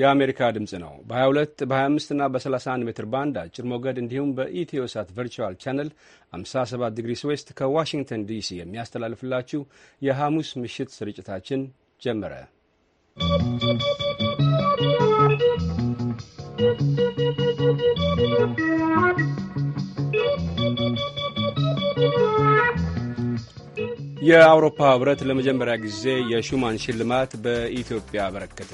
የአሜሪካ ድምፅ ነው። በ22 በ25 እና በ31 ሜትር ባንድ አጭር ሞገድ እንዲሁም በኢትዮ ሳት ቨርቹዋል ቻነል 57 ዲግሪስ ዌስት ከዋሽንግተን ዲሲ የሚያስተላልፍላችሁ የሐሙስ ምሽት ስርጭታችን ጀመረ። የአውሮፓ ህብረት ለመጀመሪያ ጊዜ የሹማን ሽልማት በኢትዮጵያ አበረከተ።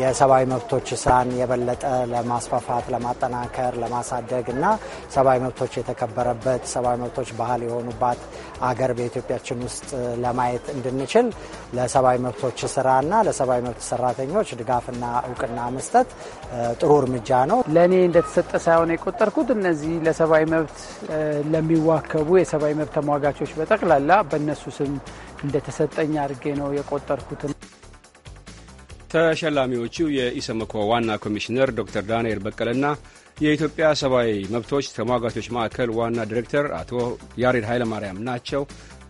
የሰብአዊ መብቶች ስራን የበለጠ ለማስፋፋት፣ ለማጠናከር፣ ለማሳደግ እና ሰብአዊ መብቶች የተከበረበት ሰብአዊ መብቶች ባህል የሆኑባት አገር በኢትዮጵያችን ውስጥ ለማየት እንድንችል ለሰብአዊ መብቶች ስራና ለሰብአዊ መብት ሰራተኞች ድጋፍና እውቅና መስጠት ጥሩ እርምጃ ነው። ለእኔ እንደተሰጠ ሳይሆን የቆጠርኩት እነዚህ ለሰብአዊ መብት ለሚዋከቡ የሰብአዊ መብት ተሟጋቾች በጠቅላላ በእነሱ ስም እንደተሰጠኝ አድርጌ ነው የቆጠርኩትን። ተሸላሚዎቹ የኢሰመኮ ዋና ኮሚሽነር ዶክተር ዳንኤል በቀለና የኢትዮጵያ ሰብአዊ መብቶች ተሟጋቾች ማዕከል ዋና ዲሬክተር አቶ ያሬድ ኃይለማርያም ናቸው።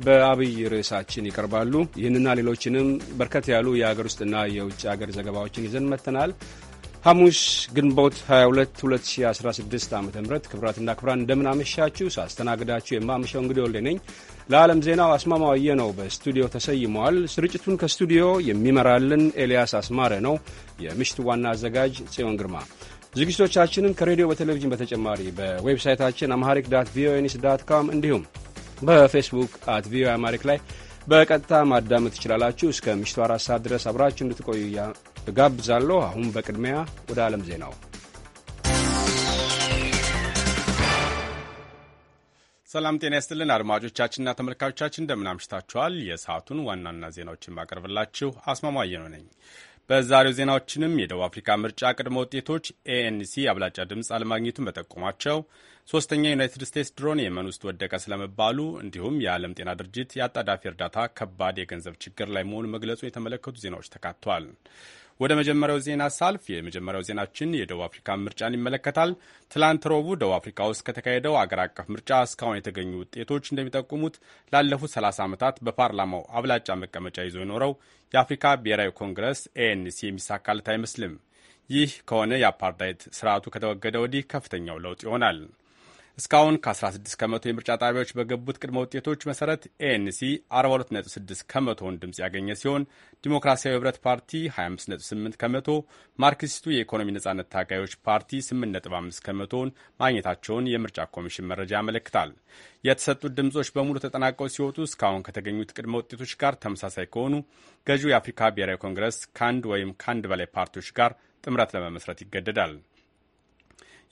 በአብይ ርዕሳችን ይቀርባሉ። ይህንና ሌሎችንም በርከት ያሉ የአገር ውስጥና የውጭ አገር ዘገባዎችን ይዘን መጥተናል። ሐሙስ ግንቦት 22 2016 ዓ ም ክብራትና ክብራን እንደምን አመሻችሁ። ሳስተናግዳችሁ የማመሻው እንግዲህ ወልዴ ነኝ። ለዓለም ዜናው አስማማዋየ ነው በስቱዲዮ ተሰይመዋል። ስርጭቱን ከስቱዲዮ የሚመራልን ኤልያስ አስማረ ነው። የምሽቱ ዋና አዘጋጅ ጽዮን ግርማ። ዝግጅቶቻችንን ከሬዲዮ በቴሌቪዥን በተጨማሪ በዌብሳይታችን አማሪክ ዳት ቪኦኤ ኒውስ ዳት ካም እንዲሁም በፌስቡክ አት ቪኦኤ አማሪክ ላይ በቀጥታ ማዳመጥ ትችላላችሁ። እስከ ምሽቱ አራት ሰዓት ድረስ አብራችሁ እንድትቆዩ ጋብዛለሁ። አሁን በቅድሚያ ወደ ዓለም ዜናው ሰላም ጤና ይስጥልን አድማጮቻችንና ተመልካቾቻችን እንደምን አምሽታችኋል። የሰዓቱን ዋናና ዜናዎችን ማቀርብላችሁ አስማማየኖ ነኝ። በዛሬው ዜናዎችንም የደቡብ አፍሪካ ምርጫ ቅድመ ውጤቶች ኤኤንሲ አብላጫ ድምፅ አለማግኘቱን በጠቆማቸው፣ ሶስተኛ ዩናይትድ ስቴትስ ድሮን የመን ውስጥ ወደቀ ስለመባሉ፣ እንዲሁም የዓለም ጤና ድርጅት የአጣዳፊ እርዳታ ከባድ የገንዘብ ችግር ላይ መሆኑ መግለጹን የተመለከቱ ዜናዎች ተካተዋል። ወደ መጀመሪያው ዜና ሳልፍ የመጀመሪያው ዜናችን የደቡብ አፍሪካ ምርጫን ይመለከታል። ትላንት ረቡዕ ደቡብ አፍሪካ ውስጥ ከተካሄደው አገር አቀፍ ምርጫ እስካሁን የተገኙ ውጤቶች እንደሚጠቁሙት ላለፉት 30 ዓመታት በፓርላማው አብላጫ መቀመጫ ይዞ የኖረው የአፍሪካ ብሔራዊ ኮንግረስ ኤኤንሲ የሚሳካለት አይመስልም። ይህ ከሆነ የአፓርታይድ ስርዓቱ ከተወገደ ወዲህ ከፍተኛው ለውጥ ይሆናል። እስካሁን ከ16 ከመቶ የምርጫ ጣቢያዎች በገቡት ቅድመ ውጤቶች መሰረት ኤንሲ 42.6 ከመቶውን ድምፅ ያገኘ ሲሆን ዲሞክራሲያዊ ህብረት ፓርቲ 25.8 ከመቶ፣ ማርክሲስቱ የኢኮኖሚ ነጻነት ታጋዮች ፓርቲ 8.5 ከመቶውን ማግኘታቸውን የምርጫ ኮሚሽን መረጃ ያመለክታል። የተሰጡት ድምፆች በሙሉ ተጠናቀው ሲወጡ እስካሁን ከተገኙት ቅድመ ውጤቶች ጋር ተመሳሳይ ከሆኑ ገዢው የአፍሪካ ብሔራዊ ኮንግረስ ከአንድ ወይም ከአንድ በላይ ፓርቲዎች ጋር ጥምረት ለመመስረት ይገደዳል።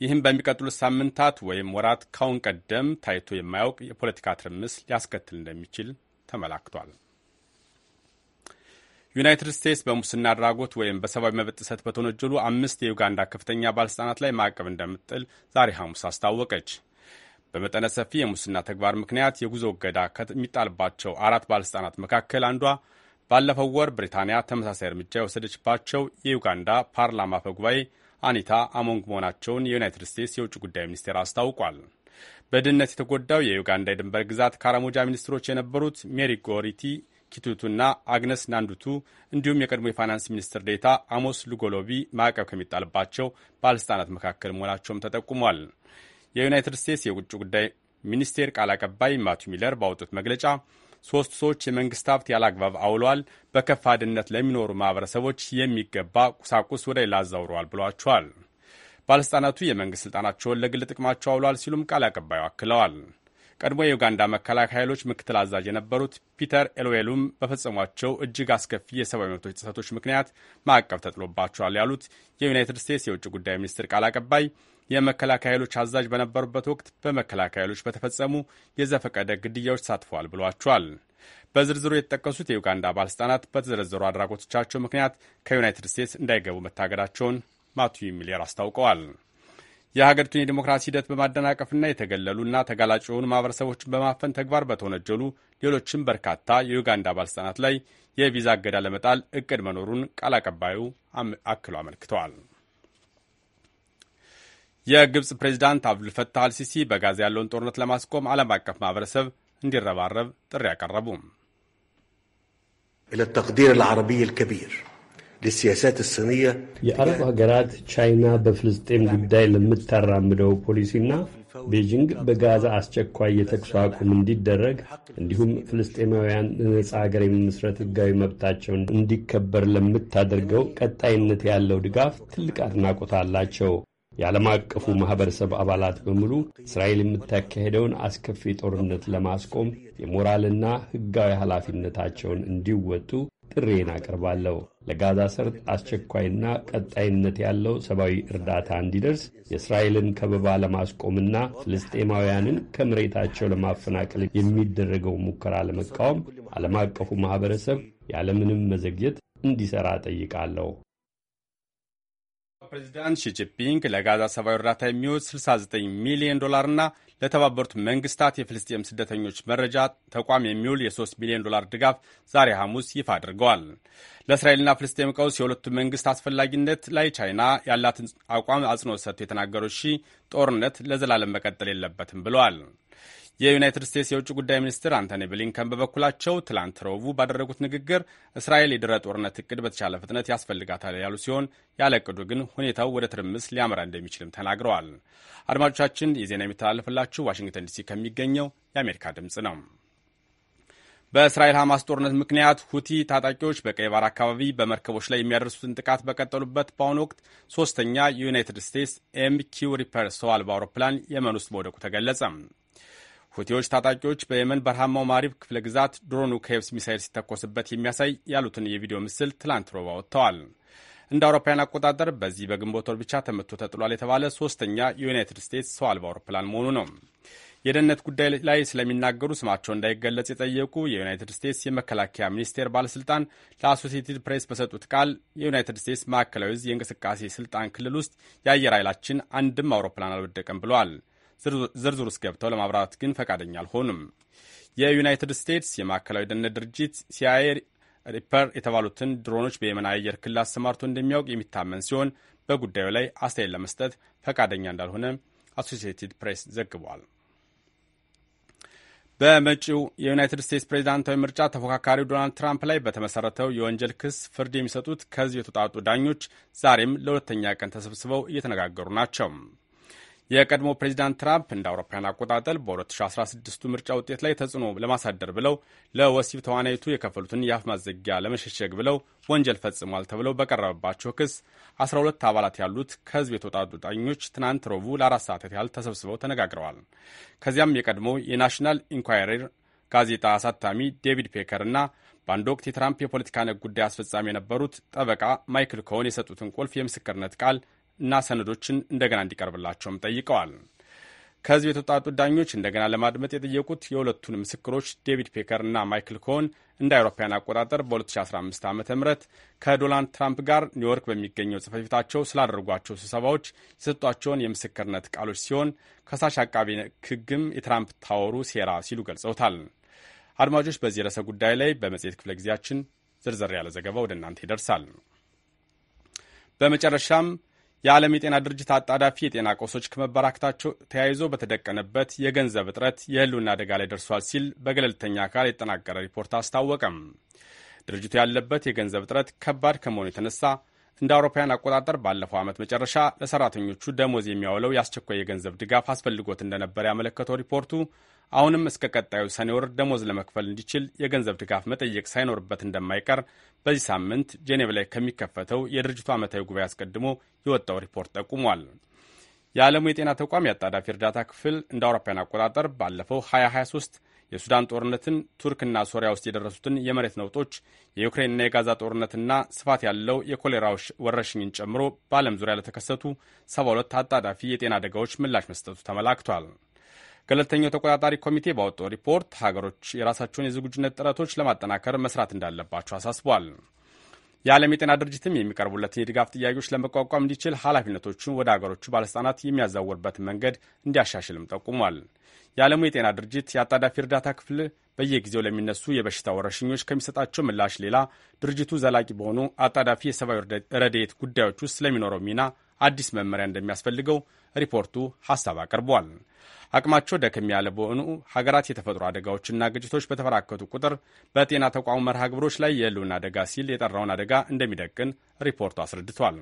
ይህም በሚቀጥሉት ሳምንታት ወይም ወራት ካሁን ቀደም ታይቶ የማያውቅ የፖለቲካ ትርምስ ሊያስከትል እንደሚችል ተመላክቷል። ዩናይትድ ስቴትስ በሙስና አድራጎት ወይም በሰብአዊ መብት ጥሰት በተወነጀሉ አምስት የዩጋንዳ ከፍተኛ ባለሥልጣናት ላይ ማዕቀብ እንደምጥል ዛሬ ሐሙስ አስታወቀች። በመጠነ ሰፊ የሙስና ተግባር ምክንያት የጉዞ እገዳ ከሚጣልባቸው አራት ባለሥልጣናት መካከል አንዷ ባለፈው ወር ብሪታንያ ተመሳሳይ እርምጃ የወሰደችባቸው የዩጋንዳ ፓርላማ አፈ ጉባኤ አኒታ አሞንግ መሆናቸውን የዩናይትድ ስቴትስ የውጭ ጉዳይ ሚኒስቴር አስታውቋል። በድህነት የተጎዳው የዩጋንዳ የድንበር ግዛት ካራሞጃ ሚኒስትሮች የነበሩት ሜሪ ጎሪቲ ኪቱቱና አግነስ ናንዱቱ እንዲሁም የቀድሞ የፋይናንስ ሚኒስትር ዴታ አሞስ ሉጎሎቢ ማዕቀብ ከሚጣልባቸው ባለሥልጣናት መካከል መሆናቸውም ተጠቁሟል። የዩናይትድ ስቴትስ የውጭ ጉዳይ ሚኒስቴር ቃል አቀባይ ማቱ ሚለር ባወጡት መግለጫ ሶስት ሰዎች የመንግስት ሀብት ያላግባብ አውለዋል፣ በከፋ ድህነት ለሚኖሩ ማህበረሰቦች የሚገባ ቁሳቁስ ወደ ሌላ አዛውረዋል ብሏቸዋል። ባለሥልጣናቱ የመንግሥት ሥልጣናቸውን ለግል ጥቅማቸው አውለዋል ሲሉም ቃል አቀባዩ አክለዋል። ቀድሞ የዩጋንዳ መከላከያ ኃይሎች ምክትል አዛዥ የነበሩት ፒተር ኤሎዌሉም በፈጸሟቸው እጅግ አስከፊ የሰብአዊ መብቶች ጥሰቶች ምክንያት ማዕቀብ ተጥሎባቸዋል ያሉት የዩናይትድ ስቴትስ የውጭ ጉዳይ ሚኒስትር ቃል አቀባይ የመከላከያ ኃይሎች አዛዥ በነበሩበት ወቅት በመከላከያ ኃይሎች በተፈጸሙ የዘፈቀደ ግድያዎች ተሳትፈዋል ብሏቸዋል። በዝርዝሩ የተጠቀሱት የዩጋንዳ ባለሥልጣናት በተዘረዘሩ አድራጎቶቻቸው ምክንያት ከዩናይትድ ስቴትስ እንዳይገቡ መታገዳቸውን ማቱ ሚሊየር አስታውቀዋል። የሀገሪቱን የዲሞክራሲ ሂደት በማደናቀፍና የተገለሉና ተጋላጭ የሆኑ ማህበረሰቦችን በማፈን ተግባር በተወነጀሉ ሌሎችም በርካታ የዩጋንዳ ባለሥልጣናት ላይ የቪዛ እገዳ ለመጣል እቅድ መኖሩን ቃል አቀባዩ አክሎ አመልክተዋል። የግብፅ ፕሬዚዳንት አብዱልፈታህ አልሲሲ በጋዛ ያለውን ጦርነት ለማስቆም ዓለም አቀፍ ማህበረሰብ እንዲረባረብ ጥሪ ያቀረቡ የአረብ ሀገራት ቻይና በፍልስጤም ጉዳይ ለምታራምደው ፖሊሲና ቤጂንግ በጋዛ አስቸኳይ የተኩስ አቁም እንዲደረግ እንዲሁም ፍልስጤማውያን ነጻ ሀገር የመመስረት ህጋዊ መብታቸውን እንዲከበር ለምታደርገው ቀጣይነት ያለው ድጋፍ ትልቅ አድናቆት አላቸው። የዓለም አቀፉ ማኅበረሰብ አባላት በሙሉ እስራኤል የምታካሄደውን አስከፊ ጦርነት ለማስቆም የሞራልና ሕጋዊ ኃላፊነታቸውን እንዲወጡ ጥሬን አቀርባለሁ። ለጋዛ ሰርጥ አስቸኳይና ቀጣይነት ያለው ሰብአዊ እርዳታ እንዲደርስ የእስራኤልን ከበባ ለማስቆምና ፍልስጤማውያንን ከመሬታቸው ለማፈናቀል የሚደረገው ሙከራ ለመቃወም ዓለም አቀፉ ማኅበረሰብ ያለምንም መዘግየት እንዲሠራ ጠይቃለሁ። ፕሬዚዳንት ሺጂፒንግ ለጋዛ ሰብአዊ እርዳታ የሚውል 69 ሚሊዮን ዶላርና ለተባበሩት መንግስታት የፍልስጤም ስደተኞች መረጃ ተቋም የሚውል የ3 ሚሊዮን ዶላር ድጋፍ ዛሬ ሐሙስ ይፋ አድርገዋል። ለእስራኤልና ፍልስጤም ቀውስ የሁለቱ መንግስት አስፈላጊነት ላይ ቻይና ያላትን አቋም አጽንኦት ሰጥቶ የተናገሩ ሺ ጦርነት ለዘላለም መቀጠል የለበትም ብለዋል። የዩናይትድ ስቴትስ የውጭ ጉዳይ ሚኒስትር አንቶኒ ብሊንከን በበኩላቸው ትላንት ረቡዕ ባደረጉት ንግግር እስራኤል የድረ ጦርነት እቅድ በተቻለ ፍጥነት ያስፈልጋታል ያሉ ሲሆን ያለቅዱ ግን ሁኔታው ወደ ትርምስ ሊያመራ እንደሚችልም ተናግረዋል። አድማጮቻችን የዜና ዜና የሚተላለፍላችሁ ዋሽንግተን ዲሲ ከሚገኘው የአሜሪካ ድምፅ ነው። በእስራኤል ሐማስ ጦርነት ምክንያት ሁቲ ታጣቂዎች በቀይ ባህር አካባቢ በመርከቦች ላይ የሚያደርሱትን ጥቃት በቀጠሉበት በአሁኑ ወቅት ሶስተኛ የዩናይትድ ስቴትስ ኤምኪው ሪፐር ሰው አልባ አውሮፕላን የመን ውስጥ መውደቁ ተገለጸ። ሁቲዎች ታጣቂዎች በየመን በረሃማው ማሪብ ክፍለ ግዛት ድሮኑ ከየብስ ሚሳይል ሲተኮስበት የሚያሳይ ያሉትን የቪዲዮ ምስል ትላንት ሮባ ወጥተዋል። እንደ አውሮፓውያን አቆጣጠር በዚህ በግንቦት ወር ብቻ ተመቶ ተጥሏል የተባለ ሶስተኛ የዩናይትድ ስቴትስ ሰው አልባ አውሮፕላን መሆኑ ነው። የደህንነት ጉዳይ ላይ ስለሚናገሩ ስማቸው እንዳይገለጽ የጠየቁ የዩናይትድ ስቴትስ የመከላከያ ሚኒስቴር ባለስልጣን ለአሶሲትድ ፕሬስ በሰጡት ቃል የዩናይትድ ስቴትስ ማዕከላዊ ዕዝ የእንቅስቃሴ ስልጣን ክልል ውስጥ የአየር ኃይላችን አንድም አውሮፕላን አልወደቀም ብለዋል። ዝርዝር ውስጥ ገብተው ለማብራራት ግን ፈቃደኛ አልሆኑም። የዩናይትድ ስቴትስ የማዕከላዊ ደህንነት ድርጅት ሲአይኤ ሪፐር የተባሉትን ድሮኖች በየመን አየር ክልል አሰማርቶ እንደሚያውቅ የሚታመን ሲሆን በጉዳዩ ላይ አስተያየት ለመስጠት ፈቃደኛ እንዳልሆነ አሶሲትድ ፕሬስ ዘግቧል። በመጪው የዩናይትድ ስቴትስ ፕሬዚዳንታዊ ምርጫ ተፎካካሪው ዶናልድ ትራምፕ ላይ በተመሰረተው የወንጀል ክስ ፍርድ የሚሰጡት ከዚህ የተውጣጡ ዳኞች ዛሬም ለሁለተኛ ቀን ተሰብስበው እየተነጋገሩ ናቸው። የቀድሞ ፕሬዚዳንት ትራምፕ እንደ አውሮፓውያን አቆጣጠር በ2016ቱ ምርጫ ውጤት ላይ ተጽዕኖ ለማሳደር ብለው ለወሲብ ተዋናይቱ የከፈሉትን የአፍ ማዘጊያ ለመሸሸግ ብለው ወንጀል ፈጽሟል ተብለው በቀረበባቸው ክስ 12 አባላት ያሉት ከህዝብ የተውጣጡ ዳኞች ትናንት ሮቡ ለአራት ሰዓታት ያህል ተሰብስበው ተነጋግረዋል። ከዚያም የቀድሞ የናሽናል ኢንኳይረር ጋዜጣ አሳታሚ ዴቪድ ፔከር እና በአንድ ወቅት የትራምፕ የፖለቲካ ነግ ጉዳይ አስፈጻሚ የነበሩት ጠበቃ ማይክል ኮሆን የሰጡትን ቁልፍ የምስክርነት ቃል እና ሰነዶችን እንደገና እንዲቀርብላቸውም ጠይቀዋል። ከህዝብ የተውጣጡ ዳኞች እንደገና ለማድመጥ የጠየቁት የሁለቱን ምስክሮች ዴቪድ ፔከር እና ማይክል ኮሆን እንደ አውሮፓውያን አቆጣጠር በ2015 ዓ ም ከዶናልድ ትራምፕ ጋር ኒውዮርክ በሚገኘው ጽህፈት ቤታቸው ስላደረጓቸው ስብሰባዎች የሰጧቸውን የምስክርነት ቃሎች ሲሆን ከሳሽ አቃቢ ህግም የትራምፕ ታወሩ ሴራ ሲሉ ገልጸውታል። አድማጮች፣ በዚህ ርዕሰ ጉዳይ ላይ በመጽሔት ክፍለ ጊዜያችን ዝርዝር ያለ ዘገባ ወደ እናንተ ይደርሳል። በመጨረሻም የዓለም የጤና ድርጅት አጣዳፊ የጤና ቀውሶች ከመበራከታቸው ተያይዞ በተደቀነበት የገንዘብ እጥረት የህልና አደጋ ላይ ደርሷል ሲል በገለልተኛ አካል የተጠናቀረ ሪፖርት አስታወቀም። ድርጅቱ ያለበት የገንዘብ እጥረት ከባድ ከመሆኑ የተነሳ እንደ አውሮፓውያን አቆጣጠር ባለፈው ዓመት መጨረሻ ለሰራተኞቹ ደሞዝ የሚያውለው የአስቸኳይ የገንዘብ ድጋፍ አስፈልጎት እንደነበር ያመለከተው ሪፖርቱ አሁንም እስከ ቀጣዩ ሰኔ ወር ደሞዝ ለመክፈል እንዲችል የገንዘብ ድጋፍ መጠየቅ ሳይኖርበት እንደማይቀር በዚህ ሳምንት ጄኔቭ ላይ ከሚከፈተው የድርጅቱ ዓመታዊ ጉባኤ አስቀድሞ የወጣው ሪፖርት ጠቁሟል። የዓለሙ የጤና ተቋም የአጣዳፊ እርዳታ ክፍል እንደ አውሮፓውያን አቆጣጠር ባለፈው 2023 የሱዳን ጦርነትን፣ ቱርክና ሶሪያ ውስጥ የደረሱትን የመሬት ነውጦች፣ የዩክሬንና የጋዛ ጦርነትና ስፋት ያለው የኮሌራ ወረርሽኝን ጨምሮ በዓለም ዙሪያ ለተከሰቱ 72 አጣዳፊ የጤና አደጋዎች ምላሽ መስጠቱ ተመላክቷል። ገለልተኛው ተቆጣጣሪ ኮሚቴ ባወጣው ሪፖርት ሀገሮች የራሳቸውን የዝግጁነት ጥረቶች ለማጠናከር መስራት እንዳለባቸው አሳስቧል። የዓለም የጤና ድርጅትም የሚቀርቡለትን የድጋፍ ጥያቄዎች ለመቋቋም እንዲችል ኃላፊነቶቹን ወደ ሀገሮቹ ባለሥልጣናት የሚያዛወርበትን መንገድ እንዲያሻሽልም ጠቁሟል። የዓለሙ የጤና ድርጅት የአጣዳፊ እርዳታ ክፍል በየጊዜው ለሚነሱ የበሽታ ወረርሽኞች ከሚሰጣቸው ምላሽ ሌላ ድርጅቱ ዘላቂ በሆኑ አጣዳፊ የሰብአዊ ረድኤት ጉዳዮች ውስጥ ለሚኖረው ሚና አዲስ መመሪያ እንደሚያስፈልገው ሪፖርቱ ሐሳብ አቅርቧል። አቅማቸው ደከም ያለ በሆኑ ሀገራት የተፈጥሮ አደጋዎችና ግጭቶች በተበራከቱ ቁጥር በጤና ተቋሙ መርሃ ግብሮች ላይ የሕልውና አደጋ ሲል የጠራውን አደጋ እንደሚደቅን ሪፖርቱ አስረድቷል።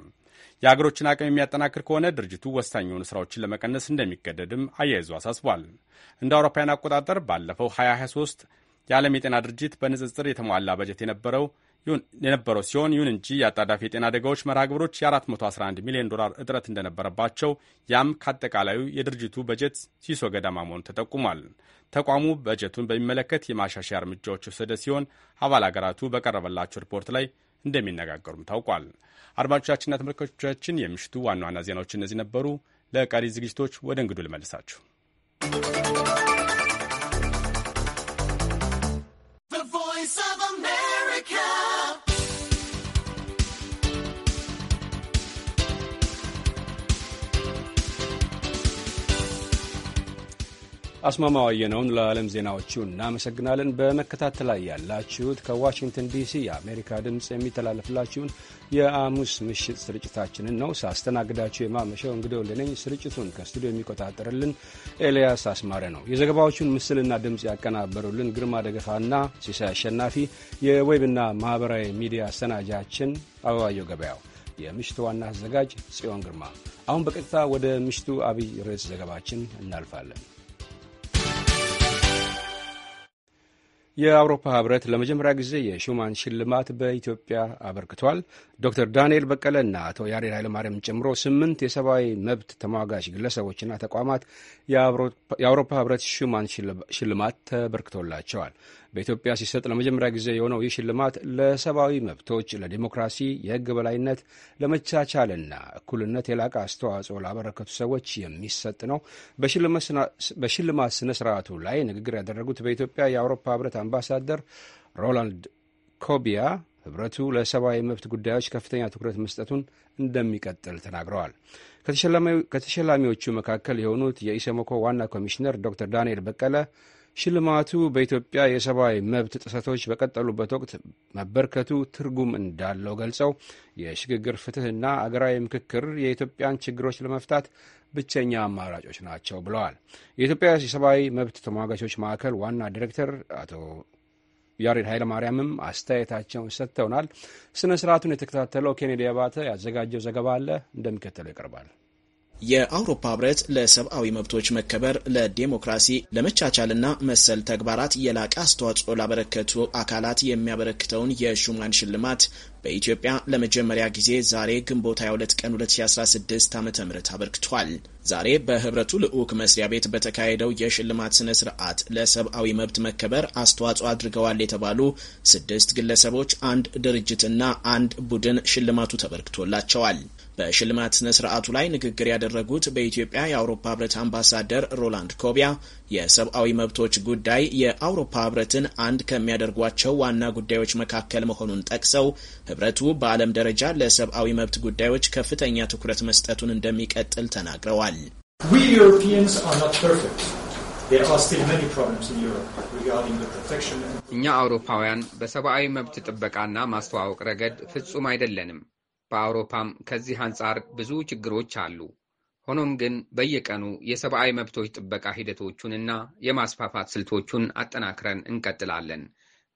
የአገሮችን አቅም የሚያጠናክር ከሆነ ድርጅቱ ወሳኝ የሆኑ ስራዎችን ለመቀነስ እንደሚገደድም አያይዞ አሳስቧል። እንደ አውሮፓውያን አቆጣጠር ባለፈው 2023 የዓለም የጤና ድርጅት በንጽጽር የተሟላ በጀት የነበረው የነበረው ሲሆን ይሁን እንጂ የአጣዳፊ የጤና አደጋዎች መርሃ ግብሮች የ411 ሚሊዮን ዶላር እጥረት እንደነበረባቸው ያም ከአጠቃላዩ የድርጅቱ በጀት ሲሶ ገደማ መሆኑ ተጠቁሟል። ተቋሙ በጀቱን በሚመለከት የማሻሻያ እርምጃዎች የወሰደ ሲሆን አባል አገራቱ በቀረበላቸው ሪፖርት ላይ እንደሚነጋገሩም ታውቋል። አድማጮቻችንና ተመልካቾቻችን የምሽቱ ዋና ዋና ዜናዎች እነዚህ ነበሩ። ለቀሪ ዝግጅቶች ወደ እንግዱ ልመልሳችሁ። አስማማው አየነውን ለዓለም ዜናዎቹ እናመሰግናለን። በመከታተል ላይ ያላችሁት ከዋሽንግተን ዲሲ የአሜሪካ ድምፅ የሚተላለፍላችሁን የአሙስ ምሽት ስርጭታችንን ነው። ሳስተናግዳችሁ የማመሸው እንግዲህ ወልደነኝ። ስርጭቱን ከስቱዲዮ የሚቆጣጠርልን ኤልያስ አስማረ ነው። የዘገባዎቹን ምስልና ድምፅ ያቀናበሩልን ግርማ ደገፋና ሲሳይ አሸናፊ፣ የዌብና ማኅበራዊ ሚዲያ አሰናጃችን አበባየው ገበያው፣ የምሽቱ ዋና አዘጋጅ ጽዮን ግርማ። አሁን በቀጥታ ወደ ምሽቱ አብይ ርዕስ ዘገባችን እናልፋለን። የአውሮፓ ህብረት ለመጀመሪያ ጊዜ የሹማን ሽልማት በኢትዮጵያ አበርክቷል። ዶክተር ዳንኤል በቀለና አቶ ያሬድ ኃይለማርያም ጨምሮ ስምንት የሰብአዊ መብት ተሟጋች ግለሰቦችና ተቋማት የአውሮፓ ህብረት ሹማን ሽልማት ተበርክቶላቸዋል። በኢትዮጵያ ሲሰጥ ለመጀመሪያ ጊዜ የሆነው ይህ ሽልማት ለሰብአዊ መብቶች፣ ለዲሞክራሲ፣ የህግ በላይነት፣ ለመቻቻልና እኩልነት የላቀ አስተዋጽኦ ላበረከቱ ሰዎች የሚሰጥ ነው። በሽልማት ስነ ስርዓቱ ላይ ንግግር ያደረጉት በኢትዮጵያ የአውሮፓ ህብረት አምባሳደር ሮላንድ ኮቢያ ህብረቱ ለሰብአዊ መብት ጉዳዮች ከፍተኛ ትኩረት መስጠቱን እንደሚቀጥል ተናግረዋል። ከተሸላሚዎቹ መካከል የሆኑት የኢሰመኮ ዋና ኮሚሽነር ዶክተር ዳንኤል በቀለ ሽልማቱ በኢትዮጵያ የሰብአዊ መብት ጥሰቶች በቀጠሉበት ወቅት መበርከቱ ትርጉም እንዳለው ገልጸው የሽግግር ፍትህና አገራዊ ምክክር የኢትዮጵያን ችግሮች ለመፍታት ብቸኛ አማራጮች ናቸው ብለዋል። የኢትዮጵያ የሰብአዊ መብት ተሟጋቾች ማዕከል ዋና ዲሬክተር አቶ ያሬድ ኃይለማርያምም አስተያየታቸውን ሰጥተውናል። ስነ ስርዓቱን የተከታተለው ኬኔዲ አባተ ያዘጋጀው ዘገባ አለ፣ እንደሚከተለው ይቀርባል። የአውሮፓ ህብረት ለሰብአዊ መብቶች መከበር፣ ለዴሞክራሲ፣ ለመቻቻልና መሰል ተግባራት የላቀ አስተዋጽኦ ላበረከቱ አካላት የሚያበረክተውን የሹማን ሽልማት በኢትዮጵያ ለመጀመሪያ ጊዜ ዛሬ ግንቦት 22 ቀን 2016 ዓ ም አበርክቷል። ዛሬ በህብረቱ ልዑክ መስሪያ ቤት በተካሄደው የሽልማት ስነ ስርዓት ለሰብአዊ መብት መከበር አስተዋጽኦ አድርገዋል የተባሉ ስድስት ግለሰቦች፣ አንድ ድርጅትና አንድ ቡድን ሽልማቱ ተበርክቶላቸዋል። በሽልማት ስነ ስርዓቱ ላይ ንግግር ያደረጉት በኢትዮጵያ የአውሮፓ ህብረት አምባሳደር ሮላንድ ኮቢያ የሰብአዊ መብቶች ጉዳይ የአውሮፓ ህብረትን አንድ ከሚያደርጓቸው ዋና ጉዳዮች መካከል መሆኑን ጠቅሰው ህብረቱ በዓለም ደረጃ ለሰብአዊ መብት ጉዳዮች ከፍተኛ ትኩረት መስጠቱን እንደሚቀጥል ተናግረዋል። እኛ አውሮፓውያን በሰብአዊ መብት ጥበቃና ማስተዋወቅ ረገድ ፍጹም አይደለንም። በአውሮፓም ከዚህ አንጻር ብዙ ችግሮች አሉ። ሆኖም ግን በየቀኑ የሰብአዊ መብቶች ጥበቃ ሂደቶቹንና የማስፋፋት ስልቶቹን አጠናክረን እንቀጥላለን።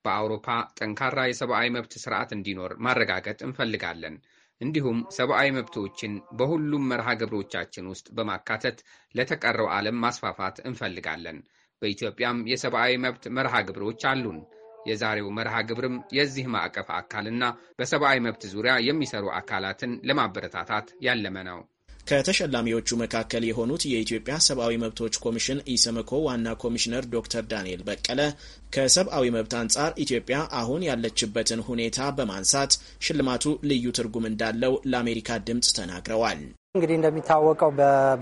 በአውሮፓ ጠንካራ የሰብአዊ መብት ስርዓት እንዲኖር ማረጋገጥ እንፈልጋለን። እንዲሁም ሰብአዊ መብቶችን በሁሉም መርሃ ግብሮቻችን ውስጥ በማካተት ለተቀረው ዓለም ማስፋፋት እንፈልጋለን። በኢትዮጵያም የሰብአዊ መብት መርሃ ግብሮች አሉን። የዛሬው መርሃ ግብርም የዚህ ማዕቀፍ አካልና በሰብአዊ መብት ዙሪያ የሚሰሩ አካላትን ለማበረታታት ያለመ ነው። ከተሸላሚዎቹ መካከል የሆኑት የኢትዮጵያ ሰብአዊ መብቶች ኮሚሽን ኢሰመኮ ዋና ኮሚሽነር ዶክተር ዳንኤል በቀለ ከሰብአዊ መብት አንጻር ኢትዮጵያ አሁን ያለችበትን ሁኔታ በማንሳት ሽልማቱ ልዩ ትርጉም እንዳለው ለአሜሪካ ድምፅ ተናግረዋል። እንግዲህ እንደሚታወቀው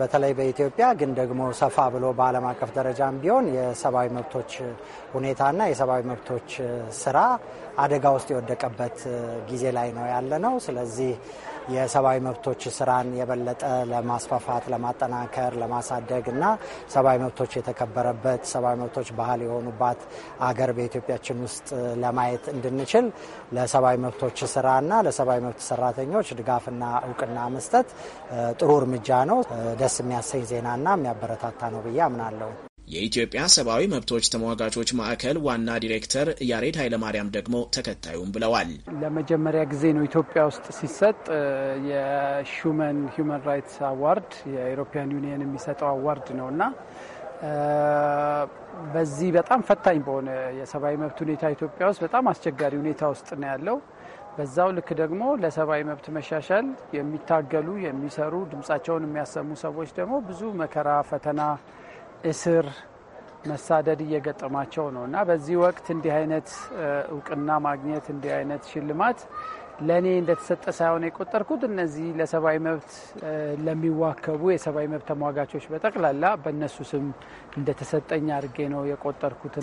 በተለይ በኢትዮጵያ ግን ደግሞ ሰፋ ብሎ በዓለም አቀፍ ደረጃም ቢሆን የሰብአዊ መብቶች ሁኔታና የሰብአዊ መብቶች ስራ አደጋ ውስጥ የወደቀበት ጊዜ ላይ ነው ያለ ነው። ስለዚህ የሰብአዊ መብቶች ስራን የበለጠ ለማስፋፋት፣ ለማጠናከር፣ ለማሳደግ እና ሰብአዊ መብቶች የተከበረበት ሰብአዊ መብቶች ባህል የሆኑባት አገር በኢትዮጵያችን ውስጥ ለማየት እንድንችል ለሰብአዊ መብቶች ስራና ለሰብአዊ መብት ሰራተኞች ድጋፍና እውቅና መስጠት ጥሩ እርምጃ ነው። ደስ የሚያሰኝ ዜናና የሚያበረታታ ነው ብዬ አምናለሁ። የኢትዮጵያ ሰብአዊ መብቶች ተሟጋቾች ማዕከል ዋና ዲሬክተር ያሬድ ኃይለማርያም ደግሞ ተከታዩም ብለዋል። ለመጀመሪያ ጊዜ ነው ኢትዮጵያ ውስጥ ሲሰጥ የሹመን ሁማን ራይትስ አዋርድ የአውሮፓን ዩኒየን የሚሰጠው አዋርድ ነው እና በዚህ በጣም ፈታኝ በሆነ የሰብአዊ መብት ሁኔታ ኢትዮጵያ ውስጥ በጣም አስቸጋሪ ሁኔታ ውስጥ ነው ያለው። በዛው ልክ ደግሞ ለሰብአዊ መብት መሻሻል የሚታገሉ የሚሰሩ ድምጻቸውን የሚያሰሙ ሰዎች ደግሞ ብዙ መከራ፣ ፈተና እስር፣ መሳደድ እየገጠማቸው ነው እና በዚህ ወቅት እንዲህ አይነት እውቅና ማግኘት እንዲህ አይነት ሽልማት ለእኔ እንደተሰጠ ሳይሆን የቆጠርኩት እነዚህ ለሰብአዊ መብት ለሚዋከቡ የሰብአዊ መብት ተሟጋቾች በጠቅላላ በእነሱ ስም እንደተሰጠኝ አድርጌ ነው የቆጠርኩት።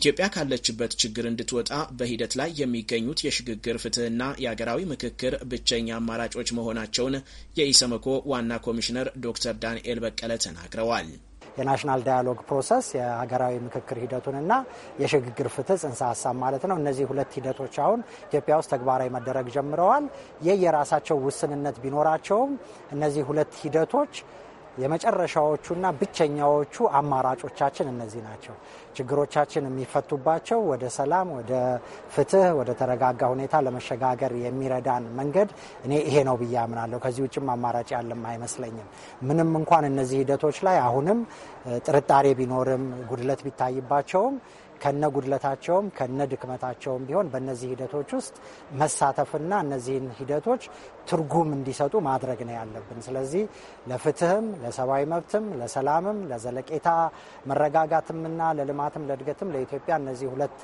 ኢትዮጵያ ካለችበት ችግር እንድትወጣ በሂደት ላይ የሚገኙት የሽግግር ፍትህና የአገራዊ ምክክር ብቸኛ አማራጮች መሆናቸውን የኢሰመኮ ዋና ኮሚሽነር ዶክተር ዳንኤል በቀለ ተናግረዋል። የናሽናል ዳያሎግ ፕሮሰስ የሀገራዊ ምክክር ሂደቱንና የሽግግር ፍትህ ጽንሰ ሀሳብ ማለት ነው። እነዚህ ሁለት ሂደቶች አሁን ኢትዮጵያ ውስጥ ተግባራዊ መደረግ ጀምረዋል። የየራሳቸው ውስንነት ቢኖራቸውም እነዚህ ሁለት ሂደቶች የመጨረሻዎቹና ብቸኛዎቹ አማራጮቻችን እነዚህ ናቸው። ችግሮቻችን የሚፈቱባቸው ወደ ሰላም፣ ወደ ፍትህ፣ ወደ ተረጋጋ ሁኔታ ለመሸጋገር የሚረዳን መንገድ እኔ ይሄ ነው ብዬ አምናለሁ። ከዚህ ውጭም አማራጭ ያለም አይመስለኝም። ምንም እንኳን እነዚህ ሂደቶች ላይ አሁንም ጥርጣሬ ቢኖርም ጉድለት ቢታይባቸውም ከነ ጉድለታቸውም ከነ ድክመታቸውም ቢሆን በእነዚህ ሂደቶች ውስጥ መሳተፍና እነዚህን ሂደቶች ትርጉም እንዲሰጡ ማድረግ ነው ያለብን። ስለዚህ ለፍትህም፣ ለሰብአዊ መብትም፣ ለሰላምም፣ ለዘለቄታ መረጋጋትምና ለልማትም ለእድገትም ለኢትዮጵያ እነዚህ ሁለት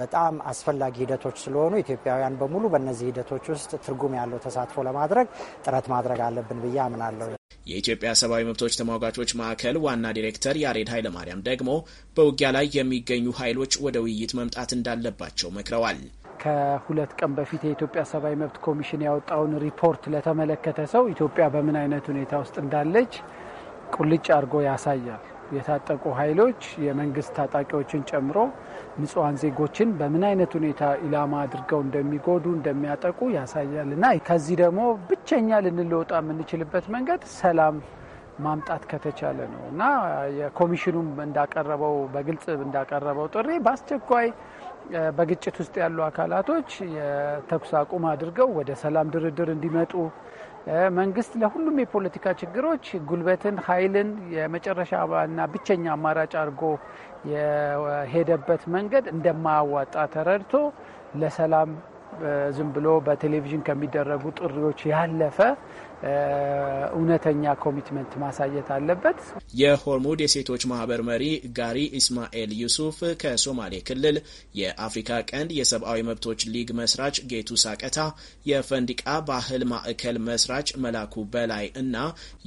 በጣም አስፈላጊ ሂደቶች ስለሆኑ ኢትዮጵያውያን በሙሉ በእነዚህ ሂደቶች ውስጥ ትርጉም ያለው ተሳትፎ ለማድረግ ጥረት ማድረግ አለብን ብዬ አምናለሁ። የኢትዮጵያ ሰብአዊ መብቶች ተሟጋቾች ማዕከል ዋና ዲሬክተር ያሬድ ኃይለማርያም ደግሞ በውጊያ ላይ የሚገኙ ኃይሎች ወደ ውይይት መምጣት እንዳለባቸው መክረዋል። ከሁለት ቀን በፊት የኢትዮጵያ ሰብአዊ መብት ኮሚሽን ያወጣውን ሪፖርት ለተመለከተ ሰው ኢትዮጵያ በምን አይነት ሁኔታ ውስጥ እንዳለች ቁልጭ አድርጎ ያሳያል። የታጠቁ ኃይሎች የመንግስት ታጣቂዎችን ጨምሮ ንጹሐን ዜጎችን በምን አይነት ሁኔታ ኢላማ አድርገው እንደሚጎዱ እንደሚያጠቁ ያሳያል እና ከዚህ ደግሞ ብቸኛ ልንለወጣ የምንችልበት መንገድ ሰላም ማምጣት ከተቻለ ነው እና የኮሚሽኑም እንዳቀረበው በግልጽ እንዳቀረበው ጥሪ በአስቸኳይ በግጭት ውስጥ ያሉ አካላቶች የተኩስ አቁም አድርገው ወደ ሰላም ድርድር እንዲመጡ መንግስት ለሁሉም የፖለቲካ ችግሮች ጉልበትን፣ ኃይልን የመጨረሻና ብቸኛ አማራጭ አድርጎ የሄደበት መንገድ እንደማያዋጣ ተረድቶ ለሰላም ዝም ብሎ በቴሌቪዥን ከሚደረጉ ጥሪዎች ያለፈ እውነተኛ ኮሚትመንት ማሳየት አለበት። የሆርሙድ የሴቶች ማህበር መሪ ጋሪ ኢስማኤል ዩሱፍ ከሶማሌ ክልል፣ የአፍሪካ ቀንድ የሰብአዊ መብቶች ሊግ መስራች ጌቱ ሳቀታ፣ የፈንዲቃ ባህል ማዕከል መስራች መላኩ በላይ እና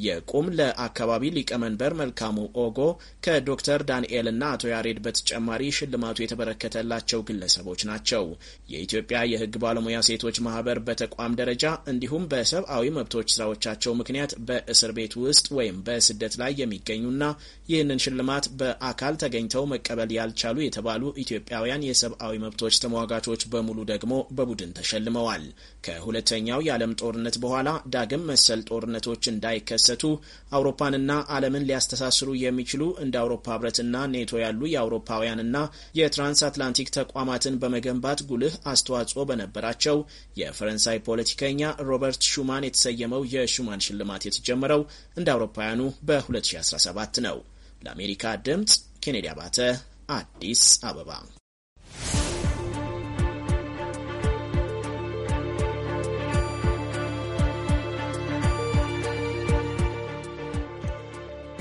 የቁም ለአካባቢ ሊቀመንበር መልካሙ ኦጎ ከዶክተር ዳንኤል እና አቶ ያሬድ በተጨማሪ ሽልማቱ የተበረከተላቸው ግለሰቦች ናቸው። የኢትዮጵያ የህግ ባለሙያ ሴቶች ማህበር በተቋም ደረጃ እንዲሁም በሰብአዊ መብቶች ስራዎቻቸው ምክንያት በእስር ቤት ውስጥ ወይም በስደት ላይ የሚገኙና ይህንን ሽልማት በአካል ተገኝተው መቀበል ያልቻሉ የተባሉ ኢትዮጵያውያን የሰብአዊ መብቶች ተሟጋቾች በሙሉ ደግሞ በቡድን ተሸልመዋል። ከሁለተኛው የዓለም ጦርነት በኋላ ዳግም መሰል ጦርነቶች እንዳይከሰቱ አውሮፓንና ዓለምን ሊያስተሳስሩ የሚችሉ እንደ አውሮፓ ህብረትና ኔቶ ያሉ የአውሮፓውያንና የትራንስአትላንቲክ ተቋማትን በመገንባት ጉልህ አስተዋጽኦ በነበራቸው የፈረንሳይ ፖለቲከኛ ሮበርት ሹማን የተሰየመው የሹማን ሽልማት የተጀመረው እንደ አውሮፓውያኑ በ2017 ነው። ለአሜሪካ ድምፅ ኬኔዲ አባተ አዲስ አበባ።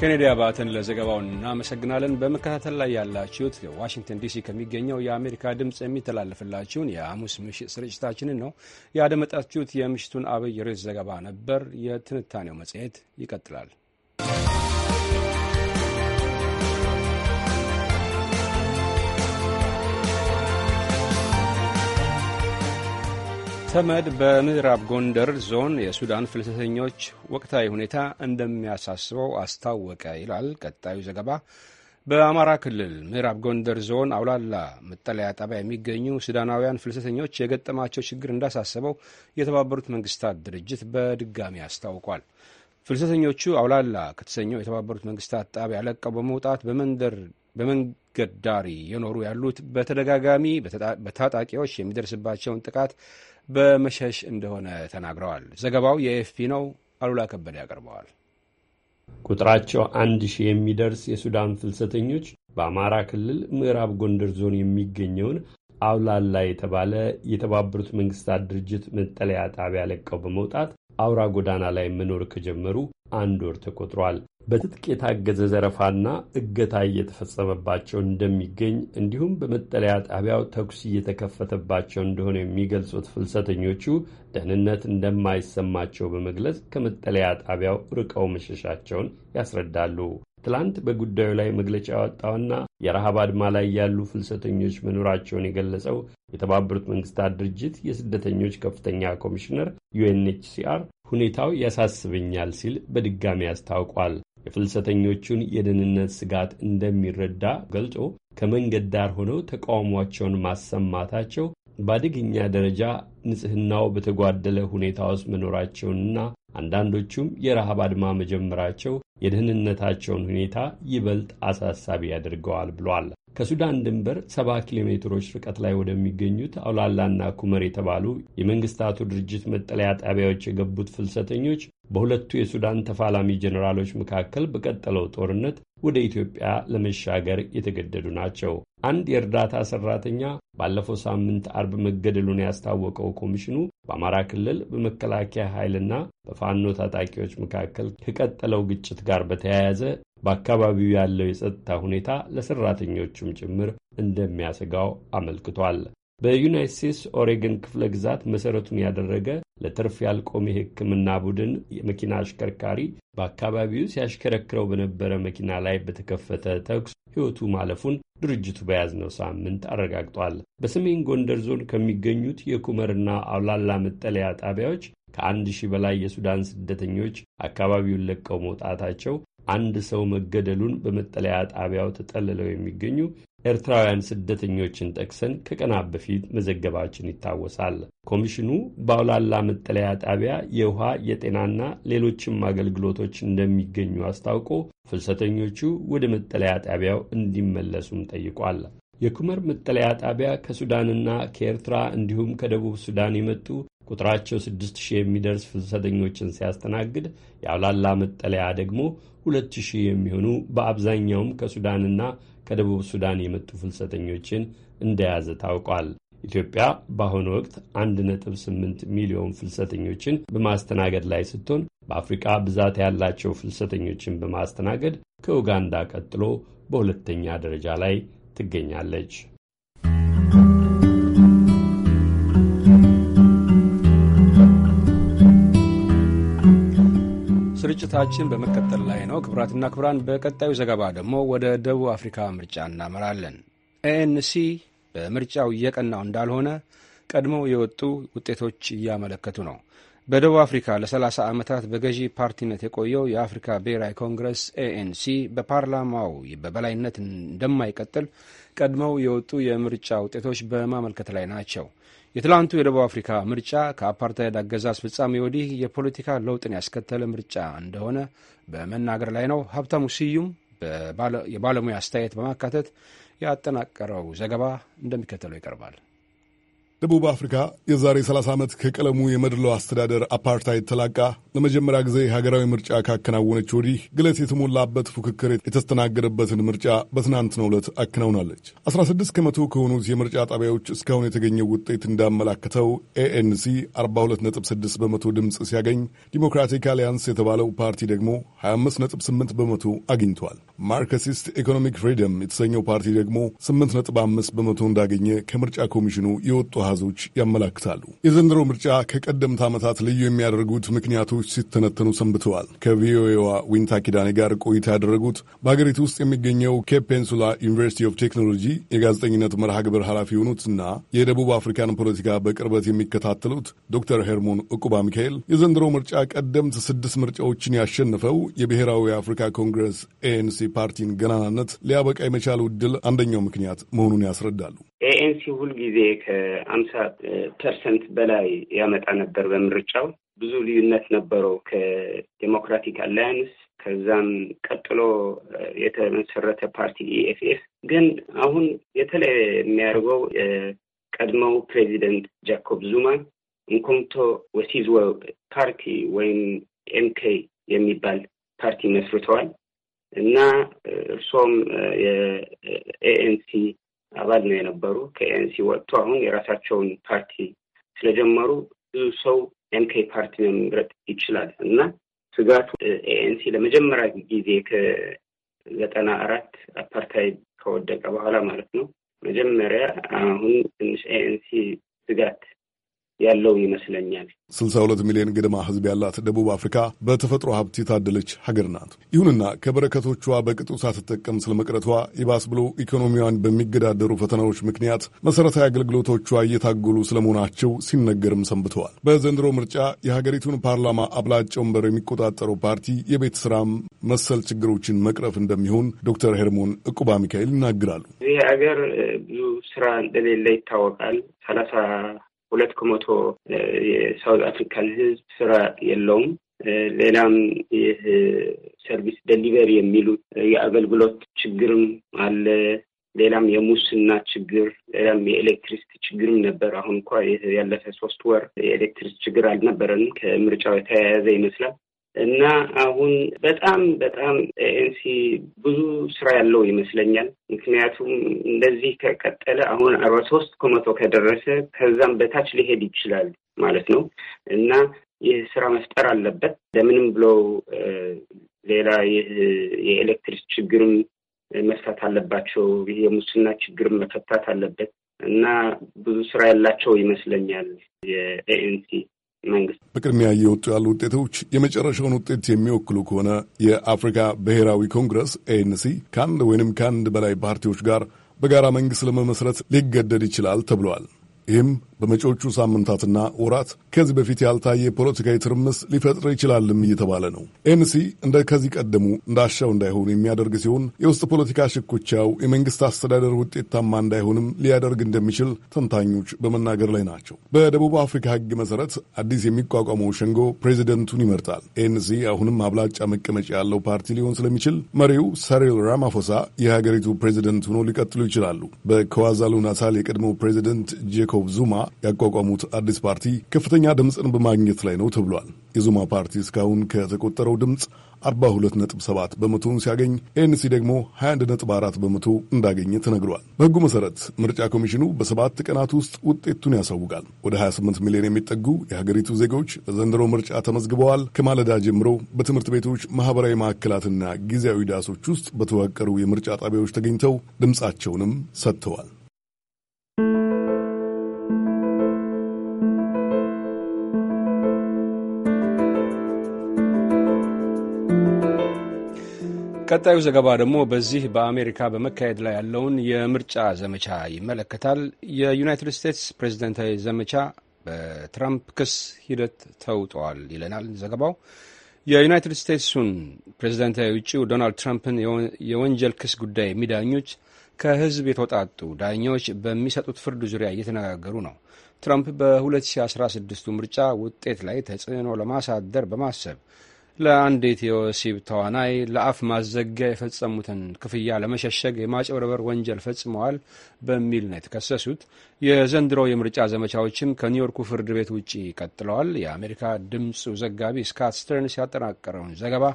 ኬኔዲ አባተን ለዘገባው እናመሰግናለን። በመከታተል ላይ ያላችሁት ዋሽንግተን ዲሲ ከሚገኘው የአሜሪካ ድምፅ የሚተላለፍላችሁን የሐሙስ ምሽት ስርጭታችንን ነው ያደመጣችሁት። የምሽቱን አብይ ርዕስ ዘገባ ነበር። የትንታኔው መጽሔት ይቀጥላል። ተመድ በምዕራብ ጎንደር ዞን የሱዳን ፍልሰተኞች ወቅታዊ ሁኔታ እንደሚያሳስበው አስታወቀ ይላል ቀጣዩ ዘገባ። በአማራ ክልል ምዕራብ ጎንደር ዞን አውላላ መጠለያ ጣቢያ የሚገኙ ሱዳናውያን ፍልሰተኞች የገጠማቸው ችግር እንዳሳሰበው የተባበሩት መንግስታት ድርጅት በድጋሚ አስታውቋል። ፍልሰተኞቹ አውላላ ከተሰኘው የተባበሩት መንግስታት ጣቢያ ለቀው በመውጣት በመንገድ ዳሪ የኖሩ ያሉት በተደጋጋሚ በታጣቂዎች የሚደርስባቸውን ጥቃት በመሸሽ እንደሆነ ተናግረዋል። ዘገባው የኤፍፒ ነው። አሉላ ከበደ ያቀርበዋል። ቁጥራቸው አንድ ሺህ የሚደርስ የሱዳን ፍልሰተኞች በአማራ ክልል ምዕራብ ጎንደር ዞን የሚገኘውን አውላላ የተባለ የተባበሩት መንግስታት ድርጅት መጠለያ ጣቢያ ለቀው በመውጣት አውራ ጎዳና ላይ መኖር ከጀመሩ አንድ ወር ተቆጥሯል። በትጥቅ የታገዘ ዘረፋና እገታ እየተፈጸመባቸው እንደሚገኝ እንዲሁም በመጠለያ ጣቢያው ተኩስ እየተከፈተባቸው እንደሆነ የሚገልጹት ፍልሰተኞቹ ደህንነት እንደማይሰማቸው በመግለጽ ከመጠለያ ጣቢያው ርቀው መሸሻቸውን ያስረዳሉ። ትላንት በጉዳዩ ላይ መግለጫ ያወጣውና የረሃብ አድማ ላይ ያሉ ፍልሰተኞች መኖራቸውን የገለጸው የተባበሩት መንግስታት ድርጅት የስደተኞች ከፍተኛ ኮሚሽነር ዩኤንኤችሲአር ሁኔታው ያሳስበኛል ሲል በድጋሚ አስታውቋል። የፍልሰተኞቹን የደህንነት ስጋት እንደሚረዳ ገልጾ ከመንገድ ዳር ሆነው ተቃውሟቸውን ማሰማታቸው በአደገኛ ደረጃ ንጽህናው በተጓደለ ሁኔታ ውስጥ መኖራቸውንና አንዳንዶቹም የረሃብ አድማ መጀመራቸው የደህንነታቸውን ሁኔታ ይበልጥ አሳሳቢ ያደርገዋል ብሏል። ከሱዳን ድንበር ሰባ ኪሎ ሜትሮች ርቀት ላይ ወደሚገኙት አውላላና ኩመር የተባሉ የመንግስታቱ ድርጅት መጠለያ ጣቢያዎች የገቡት ፍልሰተኞች በሁለቱ የሱዳን ተፋላሚ ጀኔራሎች መካከል በቀጠለው ጦርነት ወደ ኢትዮጵያ ለመሻገር የተገደዱ ናቸው። አንድ የእርዳታ ሰራተኛ ባለፈው ሳምንት አርብ መገደሉን ያስታወቀው ኮሚሽኑ በአማራ ክልል በመከላከያ ኃይልና በፋኖ ታጣቂዎች መካከል ከቀጠለው ግጭት ጋር በተያያዘ በአካባቢው ያለው የጸጥታ ሁኔታ ለሰራተኞቹም ጭምር እንደሚያሰጋው አመልክቷል። በዩናይት ስቴትስ ኦሬገን ክፍለ ግዛት መሠረቱን ያደረገ ለትርፍ ያልቆመ የሕክምና ቡድን የመኪና አሽከርካሪ በአካባቢው ሲያሽከረክረው በነበረ መኪና ላይ በተከፈተ ተኩስ ሕይወቱ ማለፉን ድርጅቱ በያዝነው ሳምንት አረጋግጧል። በሰሜን ጎንደር ዞን ከሚገኙት የኩመርና አውላላ መጠለያ ጣቢያዎች ከአንድ ሺህ በላይ የሱዳን ስደተኞች አካባቢውን ለቀው መውጣታቸው አንድ ሰው መገደሉን በመጠለያ ጣቢያው ተጠልለው የሚገኙ ኤርትራውያን ስደተኞችን ጠቅሰን ከቀናት በፊት መዘገባችን ይታወሳል። ኮሚሽኑ በአውላላ መጠለያ ጣቢያ የውሃ የጤናና ሌሎችም አገልግሎቶች እንደሚገኙ አስታውቆ ፍልሰተኞቹ ወደ መጠለያ ጣቢያው እንዲመለሱም ጠይቋል። የኩመር መጠለያ ጣቢያ ከሱዳንና ከኤርትራ እንዲሁም ከደቡብ ሱዳን የመጡ ቁጥራቸው ስድስት ሺህ የሚደርስ ፍልሰተኞችን ሲያስተናግድ የአውላላ መጠለያ ደግሞ ሁለት ሺህ የሚሆኑ በአብዛኛውም ከሱዳንና ከደቡብ ሱዳን የመጡ ፍልሰተኞችን እንደያዘ ታውቋል። ኢትዮጵያ በአሁኑ ወቅት 1.8 ሚሊዮን ፍልሰተኞችን በማስተናገድ ላይ ስትሆን በአፍሪቃ ብዛት ያላቸው ፍልሰተኞችን በማስተናገድ ከኡጋንዳ ቀጥሎ በሁለተኛ ደረጃ ላይ ትገኛለች። ስርጭታችን በመቀጠል ላይ ነው። ክቡራትና ክቡራን፣ በቀጣዩ ዘገባ ደግሞ ወደ ደቡብ አፍሪካ ምርጫ እናመራለን። ኤኤንሲ በምርጫው እየቀናው እንዳልሆነ ቀድሞ የወጡ ውጤቶች እያመለከቱ ነው። በደቡብ አፍሪካ ለ30 ዓመታት በገዢ ፓርቲነት የቆየው የአፍሪካ ብሔራዊ ኮንግረስ ኤኤንሲ በፓርላማው በበላይነት እንደማይቀጥል ቀድመው የወጡ የምርጫ ውጤቶች በማመልከት ላይ ናቸው። የትላንቱ የደቡብ አፍሪካ ምርጫ ከአፓርታይድ አገዛዝ ፍጻሜ ወዲህ የፖለቲካ ለውጥን ያስከተለ ምርጫ እንደሆነ በመናገር ላይ ነው። ሀብታሙ ስዩም የባለሙያ አስተያየት በማካተት ያጠናቀረው ዘገባ እንደሚከተለው ይቀርባል። ደቡብ አፍሪካ የዛሬ 30 ዓመት ከቀለሙ የመድሎ አስተዳደር አፓርታይድ ተላቃ ለመጀመሪያ ጊዜ ሀገራዊ ምርጫ ካከናወነች ወዲህ ግለት የተሞላበት ፉክክር የተስተናገደበትን ምርጫ በትናንትናው ዕለት አከናውናለች። 16 ከመቶ ከሆኑት የምርጫ ጣቢያዎች እስካሁን የተገኘው ውጤት እንዳመላከተው ኤኤንሲ 426 በመቶ ድምፅ ሲያገኝ ዲሞክራቲክ አሊያንስ የተባለው ፓርቲ ደግሞ 258 በመቶ አግኝቷል። ማርክሲስት ኢኮኖሚክ ፍሪደም የተሰኘው ፓርቲ ደግሞ 85 በመቶ እንዳገኘ ከምርጫ ኮሚሽኑ የወጡ አሃዞች ያመላክታሉ። የዘንድሮ ምርጫ ከቀደምት ዓመታት ልዩ የሚያደርጉት ምክንያቱ ጉዳዮች ሲተነተኑ ሰንብተዋል። ከቪኦኤዋ ዊንታ ኪዳኔ ጋር ቆይታ ያደረጉት በሀገሪቱ ውስጥ የሚገኘው ኬፕ ፔንሱላ ዩኒቨርሲቲ ኦፍ ቴክኖሎጂ የጋዜጠኝነት መርሃ ግብር ኃላፊ የሆኑትና የደቡብ አፍሪካን ፖለቲካ በቅርበት የሚከታተሉት ዶክተር ሄርሞን ዕቁባ ሚካኤል የዘንድሮ ምርጫ ቀደምት ስድስት ምርጫዎችን ያሸንፈው የብሔራዊ የአፍሪካ ኮንግረስ ኤኤንሲ ፓርቲን ገናናነት ሊያበቃ የመቻሉ ዕድል አንደኛው ምክንያት መሆኑን ያስረዳሉ። ኤኤንሲ ሁልጊዜ ከአምሳ ፐርሰንት በላይ ያመጣ ነበር በምርጫው። ብዙ ልዩነት ነበረው ከዴሞክራቲክ አላያንስ ከዛም ቀጥሎ የተመሰረተ ፓርቲ ኢኤፍኤፍ። ግን አሁን የተለየ የሚያደርገው የቀድሞው ፕሬዚደንት ጃኮብ ዙማ እንኮምቶ ወሲዝወ ፓርቲ ወይም ኤምኬ የሚባል ፓርቲ መስርተዋል እና እርሶም የኤኤንሲ አባል ነው የነበሩ። ከኤኤንሲ ወጥቶ አሁን የራሳቸውን ፓርቲ ስለጀመሩ ብዙ ሰው ኤምኬ ፓርቲ መምረጥ ይችላል እና ስጋቱ ኤኤንሲ ለመጀመሪያ ጊዜ ከዘጠና አራት አፓርታይድ ከወደቀ በኋላ ማለት ነው መጀመሪያ አሁን ትንሽ ኤኤንሲ ስጋት ያለው ይመስለኛል። ስልሳ ሁለት ሚሊዮን ገደማ ህዝብ ያላት ደቡብ አፍሪካ በተፈጥሮ ሀብት የታደለች ሀገር ናት። ይሁንና ከበረከቶቿ በቅጡ ሳትጠቀም ስለመቅረቷ ይባስ ብሎ ኢኮኖሚዋን በሚገዳደሩ ፈተናዎች ምክንያት መሠረታዊ አገልግሎቶቿ እየታጎሉ ስለመሆናቸው ሲነገርም ሰንብተዋል። በዘንድሮ ምርጫ የሀገሪቱን ፓርላማ አብላጭ ወንበር የሚቆጣጠረው ፓርቲ የቤት ስራም መሰል ችግሮችን መቅረፍ እንደሚሆን ዶክተር ሄርሞን ዕቁባ ሚካኤል ይናገራሉ። ይህ ሀገር ብዙ ስራ እንደሌለ ይታወቃል። ሰላሳ ሁለት ከመቶ የሳውዝ አፍሪካን ህዝብ ስራ የለውም። ሌላም ይህ ሰርቪስ ደሊቨሪ የሚሉት የአገልግሎት ችግርም አለ። ሌላም የሙስና ችግር፣ ሌላም የኤሌክትሪሲቲ ችግርም ነበር። አሁን እንኳ ያለፈ ሶስት ወር የኤሌክትሪክ ችግር አልነበረንም። ከምርጫው የተያያዘ ይመስላል። እና አሁን በጣም በጣም ኤኤንሲ ብዙ ስራ ያለው ይመስለኛል። ምክንያቱም እንደዚህ ከቀጠለ አሁን አርባ ሶስት ከመቶ ከደረሰ ከዛም በታች ሊሄድ ይችላል ማለት ነው እና ይህ ስራ መፍጠር አለበት። ለምንም ብሎ ሌላ የኤሌክትሪክ ችግርም መፍታት አለባቸው። ይህ የሙስና ችግርም መፈታት አለበት እና ብዙ ስራ ያላቸው ይመስለኛል የኤኤንሲ መንግስት። በቅድሚያ እየወጡ ያሉ ውጤቶች የመጨረሻውን ውጤት የሚወክሉ ከሆነ የአፍሪካ ብሔራዊ ኮንግረስ ኤንሲ ከአንድ ወይንም ከአንድ በላይ ፓርቲዎች ጋር በጋራ መንግስት ለመመስረት ሊገደድ ይችላል ተብሏል። ይህም በመጪዎቹ ሳምንታትና ወራት ከዚህ በፊት ያልታየ ፖለቲካዊ ትርምስ ሊፈጥር ይችላልም እየተባለ ነው። ኤንሲ እንደ ከዚህ ቀደሙ እንዳሻው እንዳይሆን የሚያደርግ ሲሆን የውስጥ ፖለቲካ ሽኩቻው የመንግስት አስተዳደር ውጤታማ እንዳይሆንም ሊያደርግ እንደሚችል ተንታኞች በመናገር ላይ ናቸው። በደቡብ አፍሪካ ሕግ መሰረት አዲስ የሚቋቋመው ሸንጎ ፕሬዚደንቱን ይመርጣል። ኤንሲ አሁንም አብላጫ መቀመጫ ያለው ፓርቲ ሊሆን ስለሚችል መሪው ሰሪል ራማፎሳ የሀገሪቱ ፕሬዚደንት ሆኖ ሊቀጥሉ ይችላሉ። በከዋዛሉ ናታል የቀድሞው ፕሬዚደንት ጄኮብ ዙማ ያቋቋሙት አዲስ ፓርቲ ከፍተኛ ከፍተኛ ድምፅን በማግኘት ላይ ነው ተብሏል። የዙማ ፓርቲ እስካሁን ከተቆጠረው ድምፅ 42.7 በመቶውን ሲያገኝ ኤንሲ ደግሞ 21.4 በመቶ እንዳገኘ ተነግሯል። በሕጉ መሠረት ምርጫ ኮሚሽኑ በሰባት ቀናት ውስጥ ውጤቱን ያሳውቃል። ወደ 28 ሚሊዮን የሚጠጉ የሀገሪቱ ዜጎች በዘንድሮ ምርጫ ተመዝግበዋል። ከማለዳ ጀምሮ በትምህርት ቤቶች፣ ማኅበራዊ ማዕከላትና ጊዜያዊ ዳሶች ውስጥ በተዋቀሩ የምርጫ ጣቢያዎች ተገኝተው ድምፃቸውንም ሰጥተዋል። ቀጣዩ ዘገባ ደግሞ በዚህ በአሜሪካ በመካሄድ ላይ ያለውን የምርጫ ዘመቻ ይመለከታል። የዩናይትድ ስቴትስ ፕሬዝደንታዊ ዘመቻ በትራምፕ ክስ ሂደት ተውጠዋል ይለናል ዘገባው። የዩናይትድ ስቴትሱን ፕሬዚደንታዊ እጩው ዶናልድ ትራምፕን የወንጀል ክስ ጉዳይ የሚዳኞች ከህዝብ የተውጣጡ ዳኛዎች በሚሰጡት ፍርድ ዙሪያ እየተነጋገሩ ነው። ትራምፕ በ2016ቱ ምርጫ ውጤት ላይ ተጽዕኖ ለማሳደር በማሰብ ለአንዲት የወሲብ ተዋናይ ለአፍ ማዘጊያ የፈጸሙትን ክፍያ ለመሸሸግ የማጭበርበር ወንጀል ፈጽመዋል በሚል ነው የተከሰሱት። የዘንድሮ የምርጫ ዘመቻዎችም ከኒውዮርኩ ፍርድ ቤት ውጪ ቀጥለዋል። የአሜሪካ ድምፅ ዘጋቢ ስካት ስተርንስ ያጠናቀረውን ዘገባ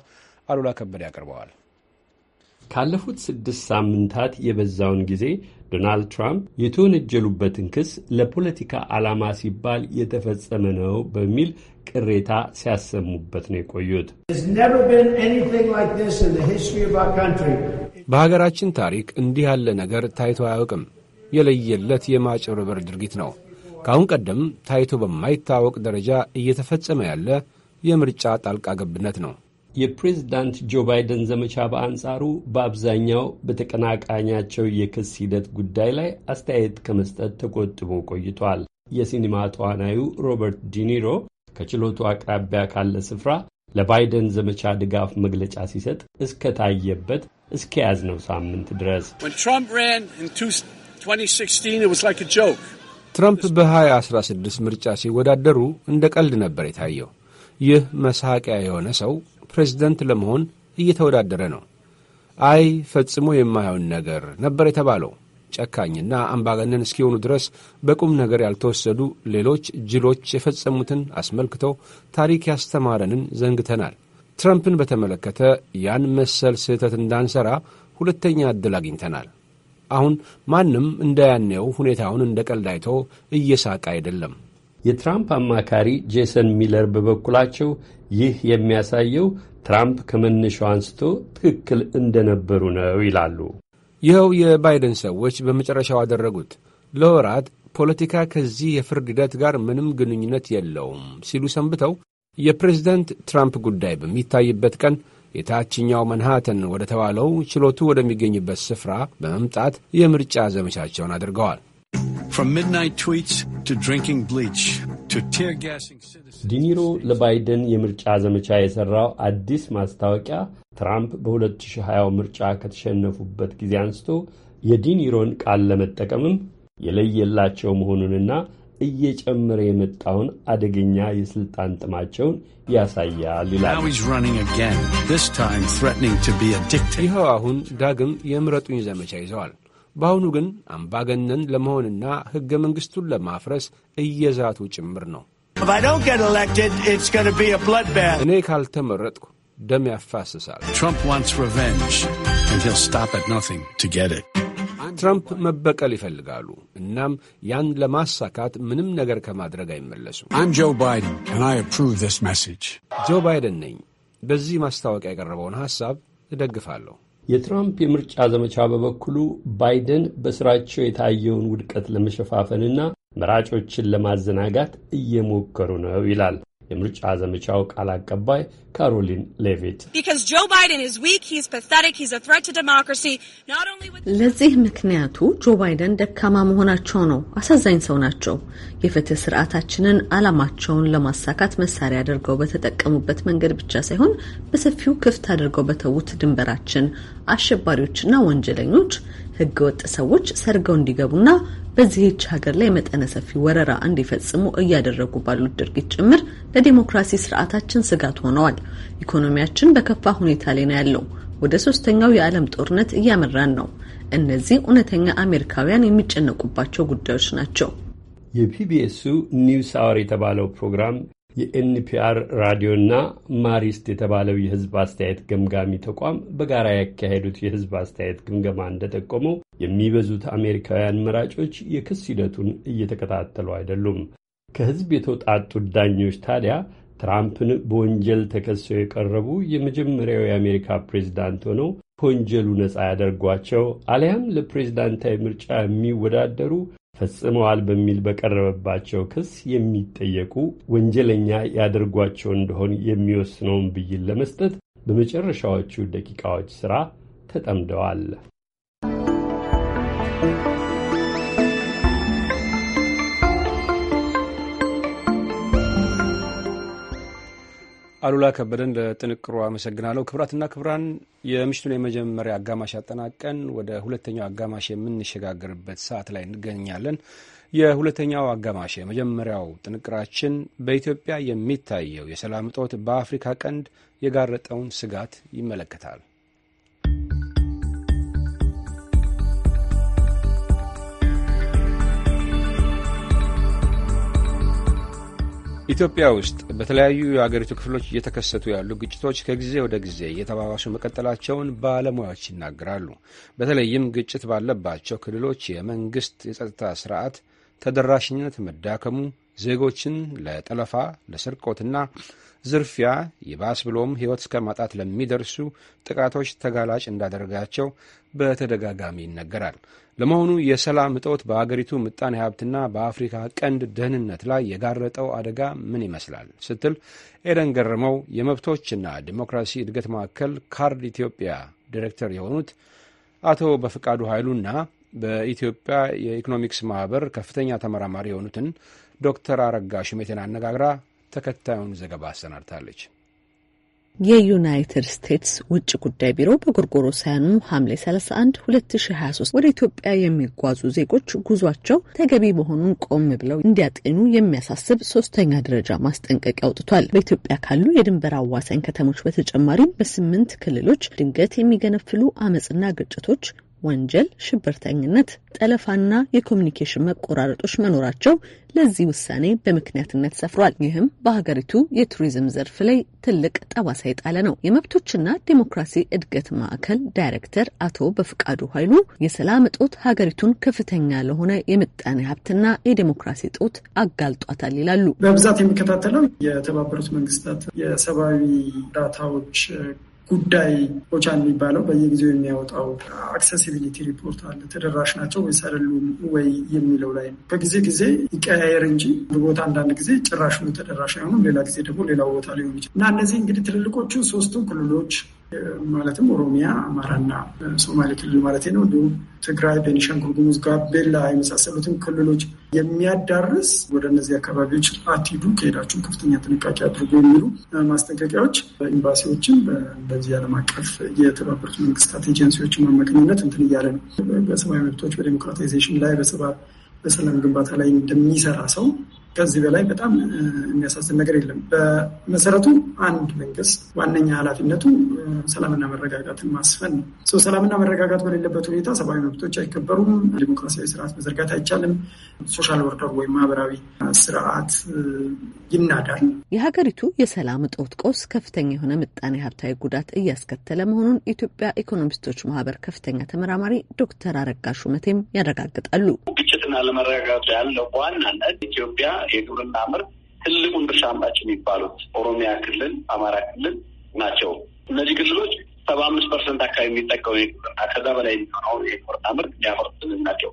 አሉላ ከበደ ያቀርበዋል። ካለፉት ስድስት ሳምንታት የበዛውን ጊዜ ዶናልድ ትራምፕ የተወነጀሉበትን ክስ ለፖለቲካ ዓላማ ሲባል የተፈጸመ ነው በሚል ቅሬታ ሲያሰሙበት ነው የቆዩት። በሀገራችን ታሪክ እንዲህ ያለ ነገር ታይቶ አያውቅም። የለየለት የማጭበርበር ድርጊት ነው። ከአሁን ቀደም ታይቶ በማይታወቅ ደረጃ እየተፈጸመ ያለ የምርጫ ጣልቃ ገብነት ነው። የፕሬዝዳንት ጆ ባይደን ዘመቻ በአንጻሩ በአብዛኛው በተቀናቃኛቸው የክስ ሂደት ጉዳይ ላይ አስተያየት ከመስጠት ተቆጥቦ ቆይቷል። የሲኒማ ተዋናዩ ሮበርት ዲኒሮ ከችሎቱ አቅራቢያ ካለ ስፍራ ለባይደን ዘመቻ ድጋፍ መግለጫ ሲሰጥ እስከታየበት ነው ሳምንት ድረስ ትራምፕ በ2016 ምርጫ ሲወዳደሩ እንደ ቀልድ ነበር የታየው። ይህ መሳቂያ የሆነ ሰው ፕሬዝደንት ለመሆን እየተወዳደረ ነው። አይ ፈጽሞ የማይሆን ነገር ነበር የተባለው። ጨካኝና አምባገነን እስኪሆኑ ድረስ በቁም ነገር ያልተወሰዱ ሌሎች ጅሎች የፈጸሙትን አስመልክቶ ታሪክ ያስተማረንን ዘንግተናል። ትረምፕን በተመለከተ ያን መሰል ስህተት እንዳንሠራ ሁለተኛ ዕድል አግኝተናል። አሁን ማንም እንደ ያኔው ሁኔታውን እንደ ቀልድ አይቶ እየሳቀ አይደለም። የትራምፕ አማካሪ ጄሰን ሚለር በበኩላቸው ይህ የሚያሳየው ትራምፕ ከመነሻው አንስቶ ትክክል እንደነበሩ ነው ይላሉ። ይኸው የባይደን ሰዎች በመጨረሻው አደረጉት ለወራት ፖለቲካ ከዚህ የፍርድ ሂደት ጋር ምንም ግንኙነት የለውም ሲሉ ሰንብተው የፕሬዝደንት ትራምፕ ጉዳይ በሚታይበት ቀን የታችኛው መንሃተን ወደ ተባለው ችሎቱ ወደሚገኝበት ስፍራ በመምጣት የምርጫ ዘመቻቸውን አድርገዋል። ዲኒሮ ለባይደን የምርጫ ዘመቻ የሰራው አዲስ ማስታወቂያ ትራምፕ በ2020 ምርጫ ከተሸነፉበት ጊዜ አንስቶ የዲኒሮን ቃል ለመጠቀምም የለየላቸው መሆኑንና እየጨመረ የመጣውን አደገኛ የስልጣን ጥማቸውን ያሳያል ይላል። ይኸው አሁን ዳግም የምረጡኝ ዘመቻ ይዘዋል። በአሁኑ ግን አምባገነን ለመሆንና ሕገ መንግሥቱን ለማፍረስ እየዛቱ ጭምር ነው። እኔ ካልተመረጥኩ ደም ያፋስሳል። ትራምፕ መበቀል ይፈልጋሉ። እናም ያን ለማሳካት ምንም ነገር ከማድረግ አይመለሱም። ጆ ባይደን ነኝ። በዚህ ማስታወቂያ የቀረበውን ሐሳብ እደግፋለሁ። የትራምፕ የምርጫ ዘመቻ በበኩሉ ባይደን በስራቸው የታየውን ውድቀት ለመሸፋፈንና መራጮችን ለማዘናጋት እየሞከሩ ነው ይላል። የምርጫ ዘመቻው ቃል አቀባይ ካሮሊን ሌቪት ለዚህ ምክንያቱ ጆ ባይደን ደካማ መሆናቸው ነው። አሳዛኝ ሰው ናቸው። የፍትህ ስርዓታችንን አላማቸውን ለማሳካት መሳሪያ አድርገው በተጠቀሙበት መንገድ ብቻ ሳይሆን በሰፊው ክፍት አድርገው በተዉት ድንበራችን አሸባሪዎችና ወንጀለኞች ህገወጥ ሰዎች ሰርገው እንዲገቡና በዚህች ሀገር ላይ መጠነ ሰፊ ወረራ እንዲፈጽሙ እያደረጉ ባሉት ድርጊት ጭምር ለዲሞክራሲ ስርዓታችን ስጋት ሆነዋል። ኢኮኖሚያችን በከፋ ሁኔታ ላይ ነው ያለው። ወደ ሶስተኛው የዓለም ጦርነት እያመራን ነው። እነዚህ እውነተኛ አሜሪካውያን የሚጨነቁባቸው ጉዳዮች ናቸው። የፒቢኤሱ ኒውስ አወር የተባለው ፕሮግራም የኤንፒአር ራዲዮና ማሪስት የተባለው የህዝብ አስተያየት ገምጋሚ ተቋም በጋራ ያካሄዱት የህዝብ አስተያየት ግምገማ እንደጠቆመው የሚበዙት አሜሪካውያን መራጮች የክስ ሂደቱን እየተከታተሉ አይደሉም። ከህዝብ የተውጣጡት ዳኞች ታዲያ ትራምፕን በወንጀል ተከሰው የቀረቡ የመጀመሪያው የአሜሪካ ፕሬዚዳንት ሆነው ከወንጀሉ ነፃ ያደርጓቸው አሊያም ለፕሬዚዳንታዊ ምርጫ የሚወዳደሩ ፈጽመዋል በሚል በቀረበባቸው ክስ የሚጠየቁ ወንጀለኛ ያደርጓቸው እንደሆን የሚወስነውን ብይን ለመስጠት በመጨረሻዎቹ ደቂቃዎች ሥራ ተጠምደዋል። አሉላ ከበደን ለጥንቅሩ አመሰግናለሁ። ክብራትና ክብራን የምሽቱን የመጀመሪያ አጋማሽ አጠናቀን ወደ ሁለተኛው አጋማሽ የምንሸጋገርበት ሰዓት ላይ እንገኛለን። የሁለተኛው አጋማሽ የመጀመሪያው ጥንቅራችን በኢትዮጵያ የሚታየው የሰላም እጦት በአፍሪካ ቀንድ የጋረጠውን ስጋት ይመለከታል። ኢትዮጵያ ውስጥ በተለያዩ የአገሪቱ ክፍሎች እየተከሰቱ ያሉ ግጭቶች ከጊዜ ወደ ጊዜ እየተባባሱ መቀጠላቸውን ባለሙያዎች ይናገራሉ። በተለይም ግጭት ባለባቸው ክልሎች የመንግስት የጸጥታ ስርዓት ተደራሽነት መዳከሙ ዜጎችን ለጠለፋ፣ ለስርቆትና ዝርፊያ ይባስ ብሎም ሕይወት እስከ ማጣት ለሚደርሱ ጥቃቶች ተጋላጭ እንዳደረጋቸው በተደጋጋሚ ይነገራል። ለመሆኑ የሰላም እጦት በአገሪቱ ምጣኔ ሀብትና በአፍሪካ ቀንድ ደህንነት ላይ የጋረጠው አደጋ ምን ይመስላል ስትል ኤደን ገረመው የመብቶችና ዲሞክራሲ እድገት ማዕከል ካርድ ኢትዮጵያ ዲሬክተር የሆኑት አቶ በፍቃዱ ኃይሉና በኢትዮጵያ የኢኮኖሚክስ ማህበር ከፍተኛ ተመራማሪ የሆኑትን ዶክተር አረጋ ሽሜቴን አነጋግራ ተከታዩን ዘገባ አሰናድታለች። የዩናይትድ ስቴትስ ውጭ ጉዳይ ቢሮ በጎርጎሮ ሳያኑ ሐምሌ 31 2023 ወደ ኢትዮጵያ የሚጓዙ ዜጎች ጉዟቸው ተገቢ መሆኑን ቆም ብለው እንዲያጤኑ የሚያሳስብ ሶስተኛ ደረጃ ማስጠንቀቂያ አውጥቷል። በኢትዮጵያ ካሉ የድንበር አዋሳኝ ከተሞች በተጨማሪም በስምንት ክልሎች ድንገት የሚገነፍሉ አመፅና ግጭቶች ወንጀል፣ ሽብርተኝነት፣ ጠለፋና የኮሚኒኬሽን መቆራረጦች መኖራቸው ለዚህ ውሳኔ በምክንያትነት ሰፍሯል። ይህም በሀገሪቱ የቱሪዝም ዘርፍ ላይ ትልቅ ጠባሳ የጣለ ነው። የመብቶችና ዴሞክራሲ እድገት ማዕከል ዳይሬክተር አቶ በፍቃዱ ኃይሉ የሰላም እጦት ሀገሪቱን ከፍተኛ ለሆነ የምጣኔ ሀብትና የዴሞክራሲ እጦት አጋልጧታል ይላሉ። በብዛት የሚከታተለው የተባበሩት መንግስታት የሰብአዊ እርዳታዎች ጉዳይ ኦቻ የሚባለው በየጊዜው የሚያወጣው አክሰሲቢሊቲ ሪፖርት አለ። ተደራሽ ናቸው ወይስ አይደሉም ወይ የሚለው ላይ ነው። በጊዜ ጊዜ ይቀያየር እንጂ ቦታ አንዳንድ ጊዜ ጭራሽ ተደራሽ አይሆኑም፣ ሌላ ጊዜ ደግሞ ሌላው ቦታ ሊሆን ይችላል እና እነዚህ እንግዲህ ትልልቆቹ ሶስቱ ክልሎች ማለትም ኦሮሚያ፣ አማራና ሶማሌ ክልል ማለት ነው። እንዲሁም ትግራይ፣ ቤኒሻንጉል ጉሙዝ፣ ጋምቤላ የመሳሰሉትን ክልሎች የሚያዳርስ ወደ እነዚህ አካባቢዎች አትሂዱ፣ ከሄዳችሁ ከፍተኛ ጥንቃቄ አድርጎ የሚሉ ማስጠንቀቂያዎች ኤምባሲዎችን በዚህ ዓለም አቀፍ የተባበሩት መንግስታት ኤጀንሲዎችን አማካኝነት እንትን እያለ ነው በሰብአዊ መብቶች በዴሞክራታይዜሽን ላይ በሰብአ በሰላም ግንባታ ላይ እንደሚሰራ ሰው ከዚህ በላይ በጣም የሚያሳዝን ነገር የለም። በመሰረቱ አንድ መንግስት ዋነኛ ኃላፊነቱ ሰላምና መረጋጋትን ማስፈን ነው። ሰው ሰላምና መረጋጋት በሌለበት ሁኔታ ሰብአዊ መብቶች አይከበሩም፣ ዲሞክራሲያዊ ስርዓት መዘርጋት አይቻልም፣ ሶሻል ወርደር ወይም ማህበራዊ ስርዓት ይናዳል። የሀገሪቱ የሰላም እጦት ቀውስ ከፍተኛ የሆነ ምጣኔ ሀብታዊ ጉዳት እያስከተለ መሆኑን የኢትዮጵያ ኢኮኖሚስቶች ማህበር ከፍተኛ ተመራማሪ ዶክተር አረጋ ሹመቴም ያረጋግጣሉ። ግጭትና አለመረጋጋቱ ያለው በዋናነት ኢትዮጵያ የግብርና ምርት ትልቁን ድርሻ አምጣች የሚባሉት ኦሮሚያ ክልል፣ አማራ ክልል ናቸው። እነዚህ ክልሎች ሰባ አምስት ፐርሰንት አካባቢ የሚጠቀሙ የግብርና ከዛ በላይ የሚሆነውን የግብርና ምርት የሚያመርቱልን ናቸው።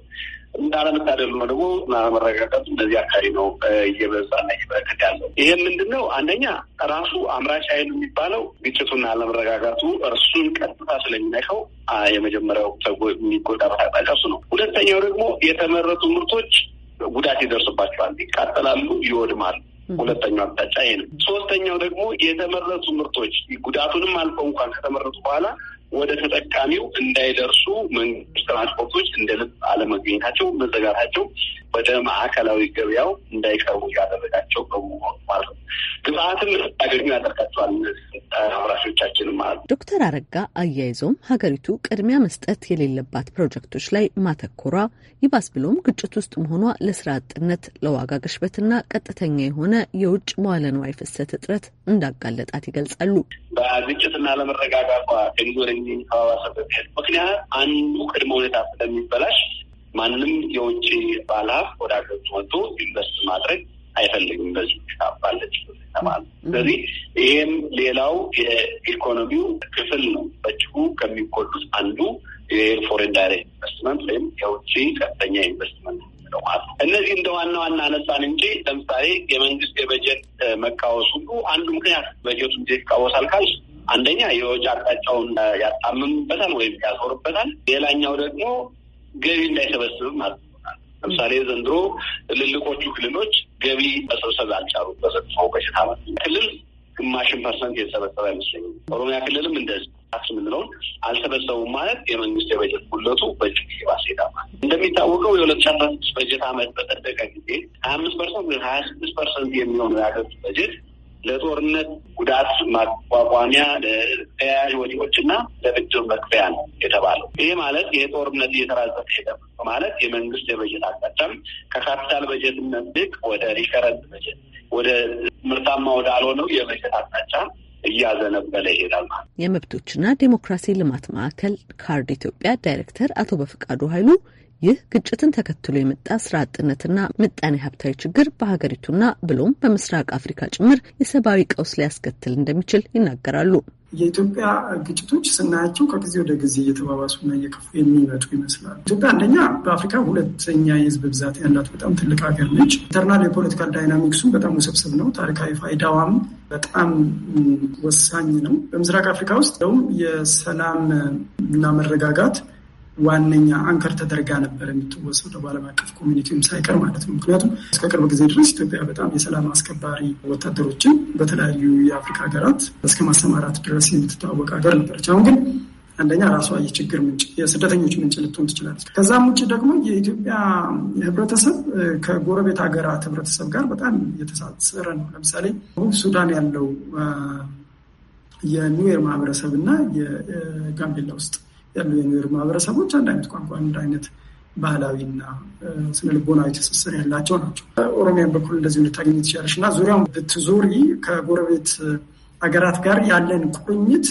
እንደ አለመታደሉ ነው ደግሞ መረጋጋቱ እንደዚህ አካባቢ ነው እየበዛና እየበረከት ያለው። ይህም ምንድን ነው? አንደኛ ራሱ አምራች ኃይል የሚባለው ግጭቱና አለመረጋጋቱ እርሱን ቀጥታ ስለሚነካው የመጀመሪያው የሚጎዳ እሱ ነው። ሁለተኛው ደግሞ የተመረቱ ምርቶች ጉዳት ይደርስባቸዋል፣ ይቃጠላሉ፣ ይወድማሉ። ሁለተኛው አቅጣጫ ይሄ ነው። ሶስተኛው ደግሞ የተመረቱ ምርቶች ጉዳቱንም አልፈው እንኳን ከተመረቱ በኋላ ወደ ተጠቃሚው እንዳይደርሱ መንግስት ትራንስፖርቶች እንደ ልብ አለመገኘታቸው፣ መዘጋታቸው ወደ ማዕከላዊ ገበያው እንዳይቀርቡ እያደረጋቸው በመሆኑ ማለት ነው። ግብአትን ያገኙ ያደርጋቸዋል አምራቾቻችን ማለት ነው። ዶክተር አረጋ አያይዘውም ሀገሪቱ ቅድሚያ መስጠት የሌለባት ፕሮጀክቶች ላይ ማተኮሯ ይባስ ብሎም ግጭት ውስጥ መሆኗ ለስራ አጥነት፣ ለዋጋ ግሽበትና ቀጥተኛ የሆነ የውጭ መዋለ ንዋይ ፍሰት እጥረት እንዳጋለጣት ይገልጻሉ። በግጭትና ለመረጋጋቷ ገንዞር የሚተባባሰበት ምክንያት አንዱ ቅድመ ሁኔታ ስለሚበላሽ ማንም የውጭ ባለሀብት ወደ ሀገሪቱ መጥቶ ኢንቨስት ማድረግ አይፈልግም በዚህ ባለች ስለዚህ ይህም ሌላው የኢኮኖሚው ክፍል ነው። በእጅጉ ከሚጎዱት አንዱ የፎሬን ዳይሬክት ኢንቨስትመንት ወይም የውጭ ቀጥተኛ ኢንቨስትመንት ነው እነዚህ እንደ ዋና ዋና አነሳን እንጂ ለምሳሌ የመንግስት የበጀት መቃወስ ሁሉ አንዱ ምክንያት በጀቱ ጊዜ ይቃወሳል ካልሽ አንደኛ የወጪ አቅጣጫውን ያጣምምበታል ወይም ያዞርበታል። ሌላኛው ደግሞ ገቢ እንዳይሰበስብም ማለት ለምሳሌ ዘንድሮ ትልልቆቹ ክልሎች ገቢ መሰብሰብ አልቻሉ። በዘጥፎ በሽታ ክልል ግማሽን ፐርሰንት የተሰበሰበ አይመስለኝም። ኦሮሚያ ክልልም እንደዚህ ታክስ የምንለውን አልሰበሰቡም ማለት የመንግስት የበጀት ጉድለቱ በእጅግ ባሴዳ ማለት እንደሚታወቀው የሁለት ሺህ አስራ ስድስት በጀት አመት በጠደቀ ጊዜ ሀያ አምስት ፐርሰንት ወይ ሀያ ስድስት ፐርሰንት የሚሆነው የሀገሪቱ በጀት ለጦርነት ጉዳት ማቋቋሚያ፣ ለተያያዥ ወጪዎች እና ለብድር መክፈያ ነው የተባለው። ይህ ማለት የጦርነት ጦርነት እየተራዘመ ሄደ ማለት የመንግስት የበጀት አቅጣጫም ከካፒታል በጀትነት ይልቅ ወደ ሪከረንት በጀት ወደ ምርታማ ወደ አልሆነው የበጀት አቅጣጫ እያዘነበለ ይሄዳል ማለት የመብቶችና ዴሞክራሲ ልማት ማዕከል ካርድ ኢትዮጵያ ዳይሬክተር አቶ በፍቃዱ ኃይሉ ይህ ግጭትን ተከትሎ የመጣ ስራ አጥነትና ምጣኔ ሀብታዊ ችግር በሀገሪቱና ብሎም በምስራቅ አፍሪካ ጭምር የሰብአዊ ቀውስ ሊያስከትል እንደሚችል ይናገራሉ። የኢትዮጵያ ግጭቶች ስናያቸው ከጊዜ ወደ ጊዜ እየተባባሱና እየከፉ የሚመጡ ይመስላል። ኢትዮጵያ አንደኛ በአፍሪካ ሁለተኛ የህዝብ ብዛት ያላት በጣም ትልቅ ሀገር ነች። ኢንተርናል የፖለቲካል ዳይናሚክሱም በጣም ውስብስብ ነው። ታሪካዊ ፋይዳዋም በጣም ወሳኝ ነው። በምስራቅ አፍሪካ ውስጥ ደውም የሰላም እና መረጋጋት ዋነኛ አንከር ተደርጋ ነበር የምትወሰደው በዓለም አቀፍ ኮሚኒቲውም ሳይቀር ማለት ነው። ምክንያቱም እስከ ቅርብ ጊዜ ድረስ ኢትዮጵያ በጣም የሰላም አስከባሪ ወታደሮችን በተለያዩ የአፍሪካ ሀገራት እስከ ማሰማራት ድረስ የምትታወቅ ሀገር ነበረች። አሁን ግን አንደኛ ራሷ የችግር ምንጭ የስደተኞች ምንጭ ልትሆን ትችላለች። ከዛም ውጭ ደግሞ የኢትዮጵያ ህብረተሰብ ከጎረቤት ሀገራት ህብረተሰብ ጋር በጣም የተሳሰረ ነው። ለምሳሌ ደቡብ ሱዳን ያለው የኒዌር ማህበረሰብ እና የጋምቤላ ውስጥ ያሉ የኑዌር ማህበረሰቦች አንድ አይነት ቋንቋ፣ አንድ አይነት ባህላዊና ስነልቦናዊ ትስስር ያላቸው ናቸው። ኦሮሚያን በኩል እንደዚሁ ልታገኝ ትችላለች እና ዙሪያውን ብትዞሪ ከጎረቤት ሀገራት ጋር ያለን ቁርኝት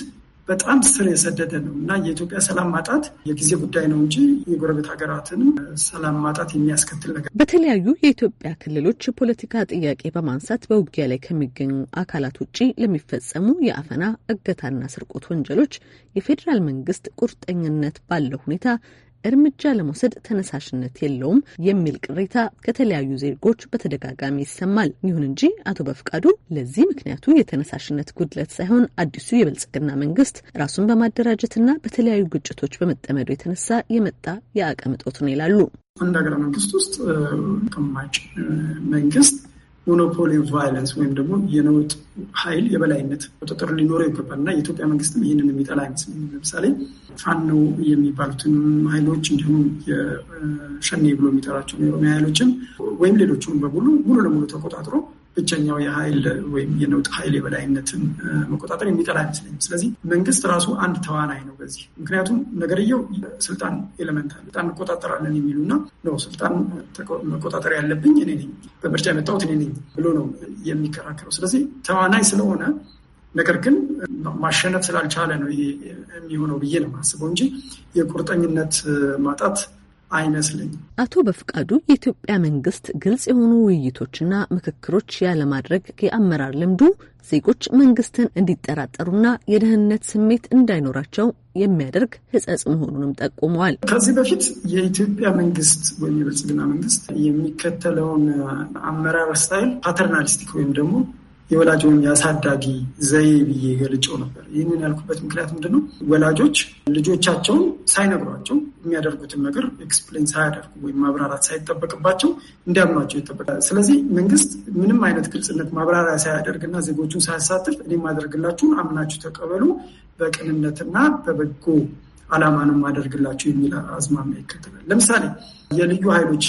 በጣም ስር የሰደደ ነው እና የኢትዮጵያ ሰላም ማጣት የጊዜ ጉዳይ ነው እንጂ የጎረቤት ሀገራትንም ሰላም ማጣት የሚያስከትል ነገር። በተለያዩ የኢትዮጵያ ክልሎች የፖለቲካ ጥያቄ በማንሳት በውጊያ ላይ ከሚገኙ አካላት ውጭ ለሚፈጸሙ የአፈና እገታና ስርቆት ወንጀሎች የፌዴራል መንግስት ቁርጠኝነት ባለው ሁኔታ እርምጃ ለመውሰድ ተነሳሽነት የለውም የሚል ቅሬታ ከተለያዩ ዜጎች በተደጋጋሚ ይሰማል። ይሁን እንጂ አቶ በፍቃዱ ለዚህ ምክንያቱ የተነሳሽነት ጉድለት ሳይሆን አዲሱ የብልጽግና መንግስት ራሱን በማደራጀትና በተለያዩ ግጭቶች በመጠመዱ የተነሳ የመጣ የአቅም እጦት ነው ይላሉ። አንድ ሀገረ መንግስት ውስጥ ቅማጭ መንግስት ሞኖፖሊ ቫይለንስ ወይም ደግሞ የነውጥ ኃይል የበላይነት ቁጥጥር ሊኖረው ይገባል እና የኢትዮጵያ መንግስትም ይህንን የሚጠላ አይመስለኝም። ለምሳሌ ፋኖ የሚባሉትን ኃይሎች እንዲሁም የሸኔ ብሎ የሚጠራቸው የኦሮሚያ ኃይሎችም ወይም ሌሎችም በሙሉ ሙሉ ለሙሉ ተቆጣጥሮ ብቸኛው የኃይል ወይም የነውጥ ኃይል የበላይነትን መቆጣጠር የሚጠላ አይመስለኝም። ስለዚህ መንግስት ራሱ አንድ ተዋናይ ነው በዚህ ምክንያቱም ነገርየው ስልጣን ኤለመንት አለ። ስልጣን እንቆጣጠራለን የሚሉና ነው ስልጣን መቆጣጠር ያለብኝ እኔ ነኝ፣ በምርጫ የመጣሁት እኔ ነኝ ብሎ ነው የሚከራከረው። ስለዚህ ተዋናይ ስለሆነ ነገር ግን ማሸነፍ ስላልቻለ ነው ይሄ የሚሆነው ብዬ ነው የማስበው እንጂ የቁርጠኝነት ማጣት አይመስለኝም። አቶ በፍቃዱ የኢትዮጵያ መንግስት ግልጽ የሆኑ ውይይቶችና ምክክሮች ያለማድረግ የአመራር ልምዱ ዜጎች መንግስትን እንዲጠራጠሩና የደህንነት ስሜት እንዳይኖራቸው የሚያደርግ ህጸጽ መሆኑንም ጠቁመዋል። ከዚህ በፊት የኢትዮጵያ መንግስት ወይም የብልጽግና መንግስት የሚከተለውን አመራር ስታይል ፓተርናሊስቲክ ወይም ደግሞ የወላጅ ወይም የአሳዳጊ ዘዬ ብዬ ገልጮ ነበር። ይህንን ያልኩበት ምክንያት ምንድነው? ወላጆች ልጆቻቸውን ሳይነግሯቸው የሚያደርጉትን ነገር ኤክስፕሌን ሳያደርጉ ወይም ማብራራት ሳይጠበቅባቸው እንዲያምናቸው ይጠበቃል። ስለዚህ መንግስት ምንም አይነት ግልጽነት ማብራሪያ ሳያደርግና ዜጎቹን ሳያሳትፍ እኔ ማደርግላችሁን አምናችሁ ተቀበሉ በቅንነትና በበጎ ዓላማ ነው ማደርግላቸው የሚል አዝማሚያ ይከተላል። ለምሳሌ የልዩ ኃይሎች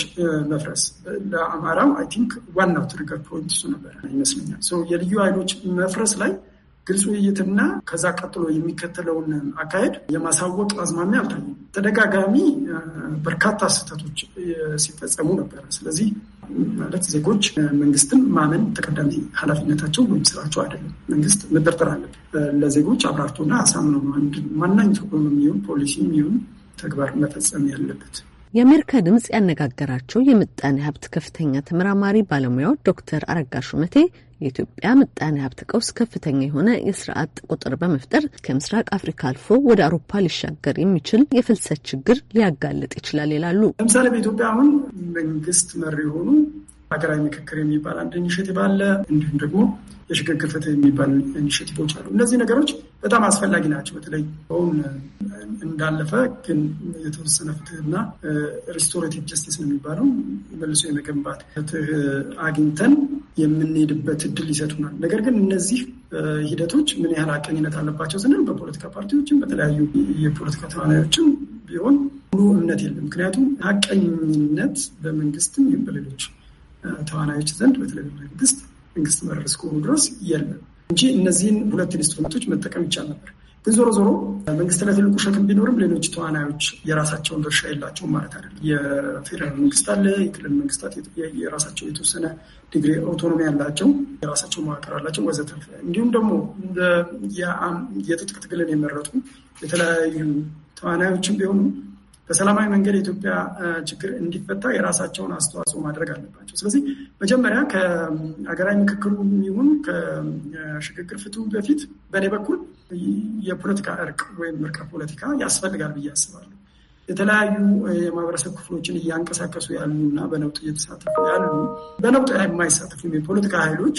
መፍረስ ለአማራው አይ ቲንክ ዋናው ትሪገር ፖይንት እሱ ነበር ይመስለኛል። የልዩ ኃይሎች መፍረስ ላይ ግልጽ ውይይትና ከዛ ቀጥሎ የሚከተለውን አካሄድ የማሳወቅ አዝማሚያ አልታየም። ተደጋጋሚ በርካታ ስህተቶች ሲፈጸሙ ነበረ። ስለዚህ ማለት ዜጎች መንግስትን ማመን ተቀዳሚ ኃላፊነታቸው ወይም ስራቸው አይደለም። መንግስት መጠርጠር አለበት። ለዜጎች አብራርቶና አሳምኖ ተቆም የሚሆን ፖሊሲ የሚሆን ተግባር መፈጸም ያለበት። የአሜሪካ ድምፅ ያነጋገራቸው የምጣኔ ሀብት ከፍተኛ ተመራማሪ ባለሙያው ዶክተር አረጋ ሹመቴ የኢትዮጵያ ምጣኔ ሀብት ቀውስ ከፍተኛ የሆነ የስራ አጥ ቁጥር በመፍጠር ከምስራቅ አፍሪካ አልፎ ወደ አውሮፓ ሊሻገር የሚችል የፍልሰት ችግር ሊያጋልጥ ይችላል ይላሉ። ለምሳሌ በኢትዮጵያ አሁን መንግስት መሪ የሆኑ ሀገራዊ ምክክር የሚባል አንድ ኢኒሽቲቭ አለ። እንዲሁም ደግሞ የሽግግር ፍትህ የሚባል ኢኒሽቲቮች አሉ። እነዚህ ነገሮች በጣም አስፈላጊ ናቸው። በተለይ አሁን እንዳለፈ ግን የተወሰነ ፍትህና ሪስቶሬቲቭ ጀስቲስ ነው የሚባለው መልሶ የመገንባት ፍትህ አግኝተን የምንሄድበት እድል ይሰጡናል። ነገር ግን እነዚህ ሂደቶች ምን ያህል አቀኝነት አለባቸው ስንል በፖለቲካ ፓርቲዎችም በተለያዩ የፖለቲካ ተዋናዮችም ቢሆን ሙሉ እምነት የለም። ምክንያቱም ሀቀኝነት በመንግስትም በሌሎች ተዋናዮች ዘንድ በተለይ መንግስት መንግስት መረስ ከሆኑ ድረስ የለም እንጂ እነዚህን ሁለት ኢንስትሩመንቶች መጠቀም ይቻል ነበር። ግን ዞሮ ዞሮ መንግስት ላይ ትልቁ ሸክም ቢኖርም ሌሎች ተዋናዮች የራሳቸውን ድርሻ የላቸውም ማለት አይደለም። የፌዴራል መንግስት አለ፣ የክልል መንግስታት የራሳቸው የተወሰነ ዲግሪ አውቶኖሚ ያላቸው፣ የራሳቸው መዋቅር አላቸው ወዘተ። እንዲሁም ደግሞ የትጥቅ ትግልን የመረጡ የተለያዩ ተዋናዮችን ቢሆኑ በሰላማዊ መንገድ የኢትዮጵያ ችግር እንዲፈታ የራሳቸውን አስተዋጽኦ ማድረግ አለባቸው። ስለዚህ መጀመሪያ ከሀገራዊ ምክክሩ ይሁን ከሽግግር ፍትሁ በፊት በእኔ በኩል የፖለቲካ እርቅ ወይም እርቀ ፖለቲካ ያስፈልጋል ብዬ አስባለሁ። የተለያዩ የማህበረሰብ ክፍሎችን እያንቀሳቀሱ ያሉ እና በነውጥ እየተሳተፉ ያሉ በነውጥ የማይሳተፉ የፖለቲካ ኃይሎች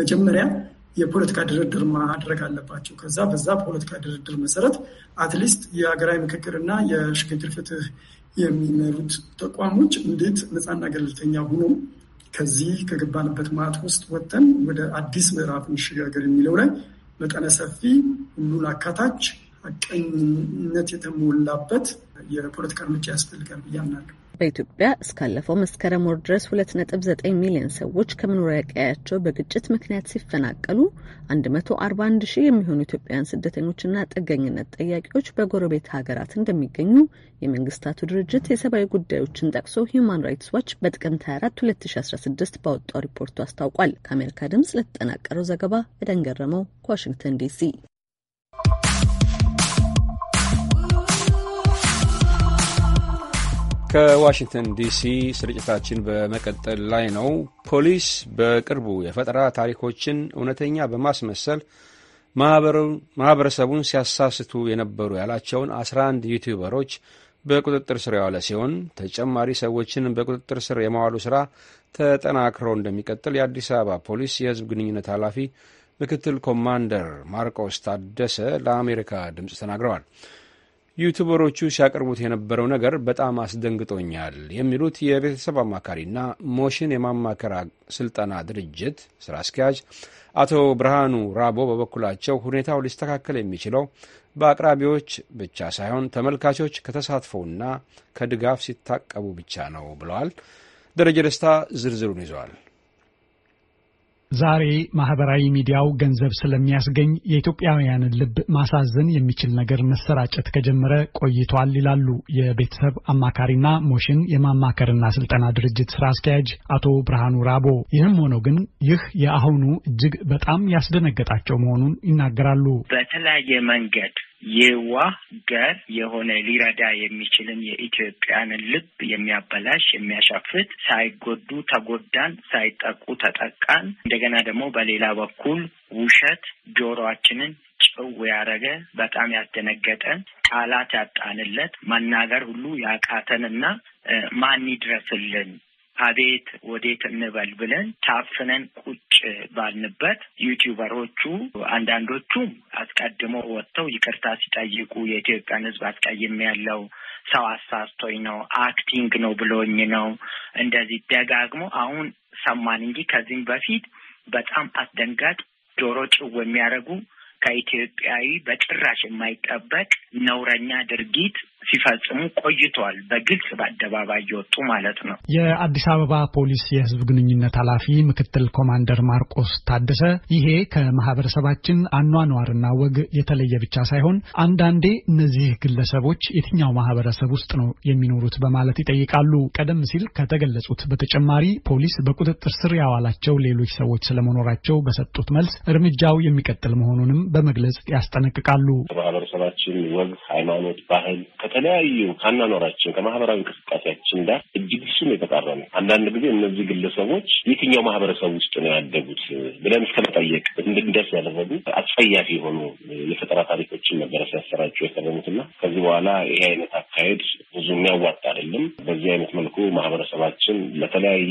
መጀመሪያ የፖለቲካ ድርድር ማድረግ አለባቸው። ከዛ በዛ ፖለቲካ ድርድር መሰረት አትሊስት የሀገራዊ ምክክርና የሽግግር ፍትህ የሚመሩት ተቋሞች እንዴት ነፃና ገለልተኛ ሆኖ ከዚህ ከገባንበት ማት ውስጥ ወጥተን ወደ አዲስ ምዕራፍ እንሸጋገር የሚለው ላይ መጠነ ሰፊ፣ ሁሉን አካታች ሐቀኝነት የተሞላበት የፖለቲካ እርምጃ ያስፈልጋል ብዬ አምናለሁ። በኢትዮጵያ እስካለፈው መስከረም ወር ድረስ 2.9 ሚሊዮን ሰዎች ከመኖሪያ ቀያቸው በግጭት ምክንያት ሲፈናቀሉ 141 ሺህ የሚሆኑ ኢትዮጵያውያን ስደተኞችና ጥገኝነት ጠያቂዎች በጎረቤት ሀገራት እንደሚገኙ የመንግስታቱ ድርጅት የሰብአዊ ጉዳዮችን ጠቅሶ ሂዩማን ራይትስ ዋች በጥቅምት 24 2016 ባወጣው ሪፖርቱ አስታውቋል። ከአሜሪካ ድምጽ ለተጠናቀረው ዘገባ ኤደን ገረመው ከዋሽንግተን ዲሲ ከዋሽንግተን ዲሲ ስርጭታችን በመቀጠል ላይ ነው። ፖሊስ በቅርቡ የፈጠራ ታሪኮችን እውነተኛ በማስመሰል ማህበረሰቡን ሲያሳስቱ የነበሩ ያላቸውን 11 ዩቲዩበሮች በቁጥጥር ስር የዋለ ሲሆን ተጨማሪ ሰዎችን በቁጥጥር ስር የማዋሉ ስራ ተጠናክሮ እንደሚቀጥል የአዲስ አበባ ፖሊስ የህዝብ ግንኙነት ኃላፊ ምክትል ኮማንደር ማርቆስ ታደሰ ለአሜሪካ ድምፅ ተናግረዋል። ዩቱበሮቹ ሲያቀርቡት የነበረው ነገር በጣም አስደንግጦኛል የሚሉት የቤተሰብ አማካሪና ሞሽን የማማከር ስልጠና ድርጅት ስራ አስኪያጅ አቶ ብርሃኑ ራቦ በበኩላቸው ሁኔታው ሊስተካከል የሚችለው በአቅራቢዎች ብቻ ሳይሆን ተመልካቾች ከተሳትፈውና ከድጋፍ ሲታቀቡ ብቻ ነው ብለዋል። ደረጀ ደስታ ዝርዝሩን ይዘዋል። ዛሬ ማህበራዊ ሚዲያው ገንዘብ ስለሚያስገኝ የኢትዮጵያውያንን ልብ ማሳዘን የሚችል ነገር መሰራጨት ከጀመረ ቆይቷል ይላሉ የቤተሰብ አማካሪና ሞሽን የማማከርና ስልጠና ድርጅት ስራ አስኪያጅ አቶ ብርሃኑ ራቦ። ይህም ሆኖ ግን ይህ የአሁኑ እጅግ በጣም ያስደነገጣቸው መሆኑን ይናገራሉ። በተለያየ መንገድ የዋህ ገር የሆነ ሊረዳ የሚችልን የኢትዮጵያንን ልብ የሚያበላሽ የሚያሻፍት ሳይጎዱ ተጎዳን፣ ሳይጠቁ ተጠቃን። እንደገና ደግሞ በሌላ በኩል ውሸት ጆሮአችንን ጭው ያደረገ በጣም ያስደነገጠ ቃላት ያጣንለት መናገር ሁሉ ያቃተንና ማን ይድረስልን አቤት ወዴት እንበል ብለን ታፍነን ቁጭ ባልንበት ዩቲዩበሮቹ አንዳንዶቹም አስቀድሞ ወጥተው ይቅርታ ሲጠይቁ የኢትዮጵያን ሕዝብ አስቀይም ያለው ሰው አሳስቶኝ ነው፣ አክቲንግ ነው ብሎኝ ነው እንደዚህ ደጋግሞ አሁን ሰማን እንጂ ከዚህም በፊት በጣም አስደንጋጭ ዶሮ ጭው የሚያደርጉ ከኢትዮጵያዊ በጭራሽ የማይጠበቅ ነውረኛ ድርጊት ሲፈጽሙ ቆይተዋል። በግልጽ በአደባባይ የወጡ ማለት ነው። የአዲስ አበባ ፖሊስ የህዝብ ግንኙነት ኃላፊ ምክትል ኮማንደር ማርቆስ ታደሰ ይሄ ከማህበረሰባችን አኗኗርና ወግ የተለየ ብቻ ሳይሆን አንዳንዴ እነዚህ ግለሰቦች የትኛው ማህበረሰብ ውስጥ ነው የሚኖሩት በማለት ይጠይቃሉ። ቀደም ሲል ከተገለጹት በተጨማሪ ፖሊስ በቁጥጥር ስር ያዋላቸው ሌሎች ሰዎች ስለመኖራቸው በሰጡት መልስ እርምጃው የሚቀጥል መሆኑንም በመግለጽ ያስጠነቅቃሉ። ማህበረሰባችን ወግ፣ ሃይማኖት፣ ባህል ከተለያዩ አናኖራችን ከማህበራዊ እንቅስቃሴያችን ጋር እጅግ እሱም የተቃረነ አንዳንድ ጊዜ እነዚህ ግለሰቦች የትኛው ማህበረሰብ ውስጥ ነው ያደጉት ብለን መጠየቅ እንድንደርስ ያደረጉ አስጸያፊ የሆኑ የፈጠራ ታሪኮችን ነበረ ሲያሰራጩ የከረሙትና ከዚህ በኋላ ይሄ አይነት አካሄድ ብዙ የሚያዋጣ አይደለም። በዚህ አይነት መልኩ ማህበረሰባችን ለተለያዩ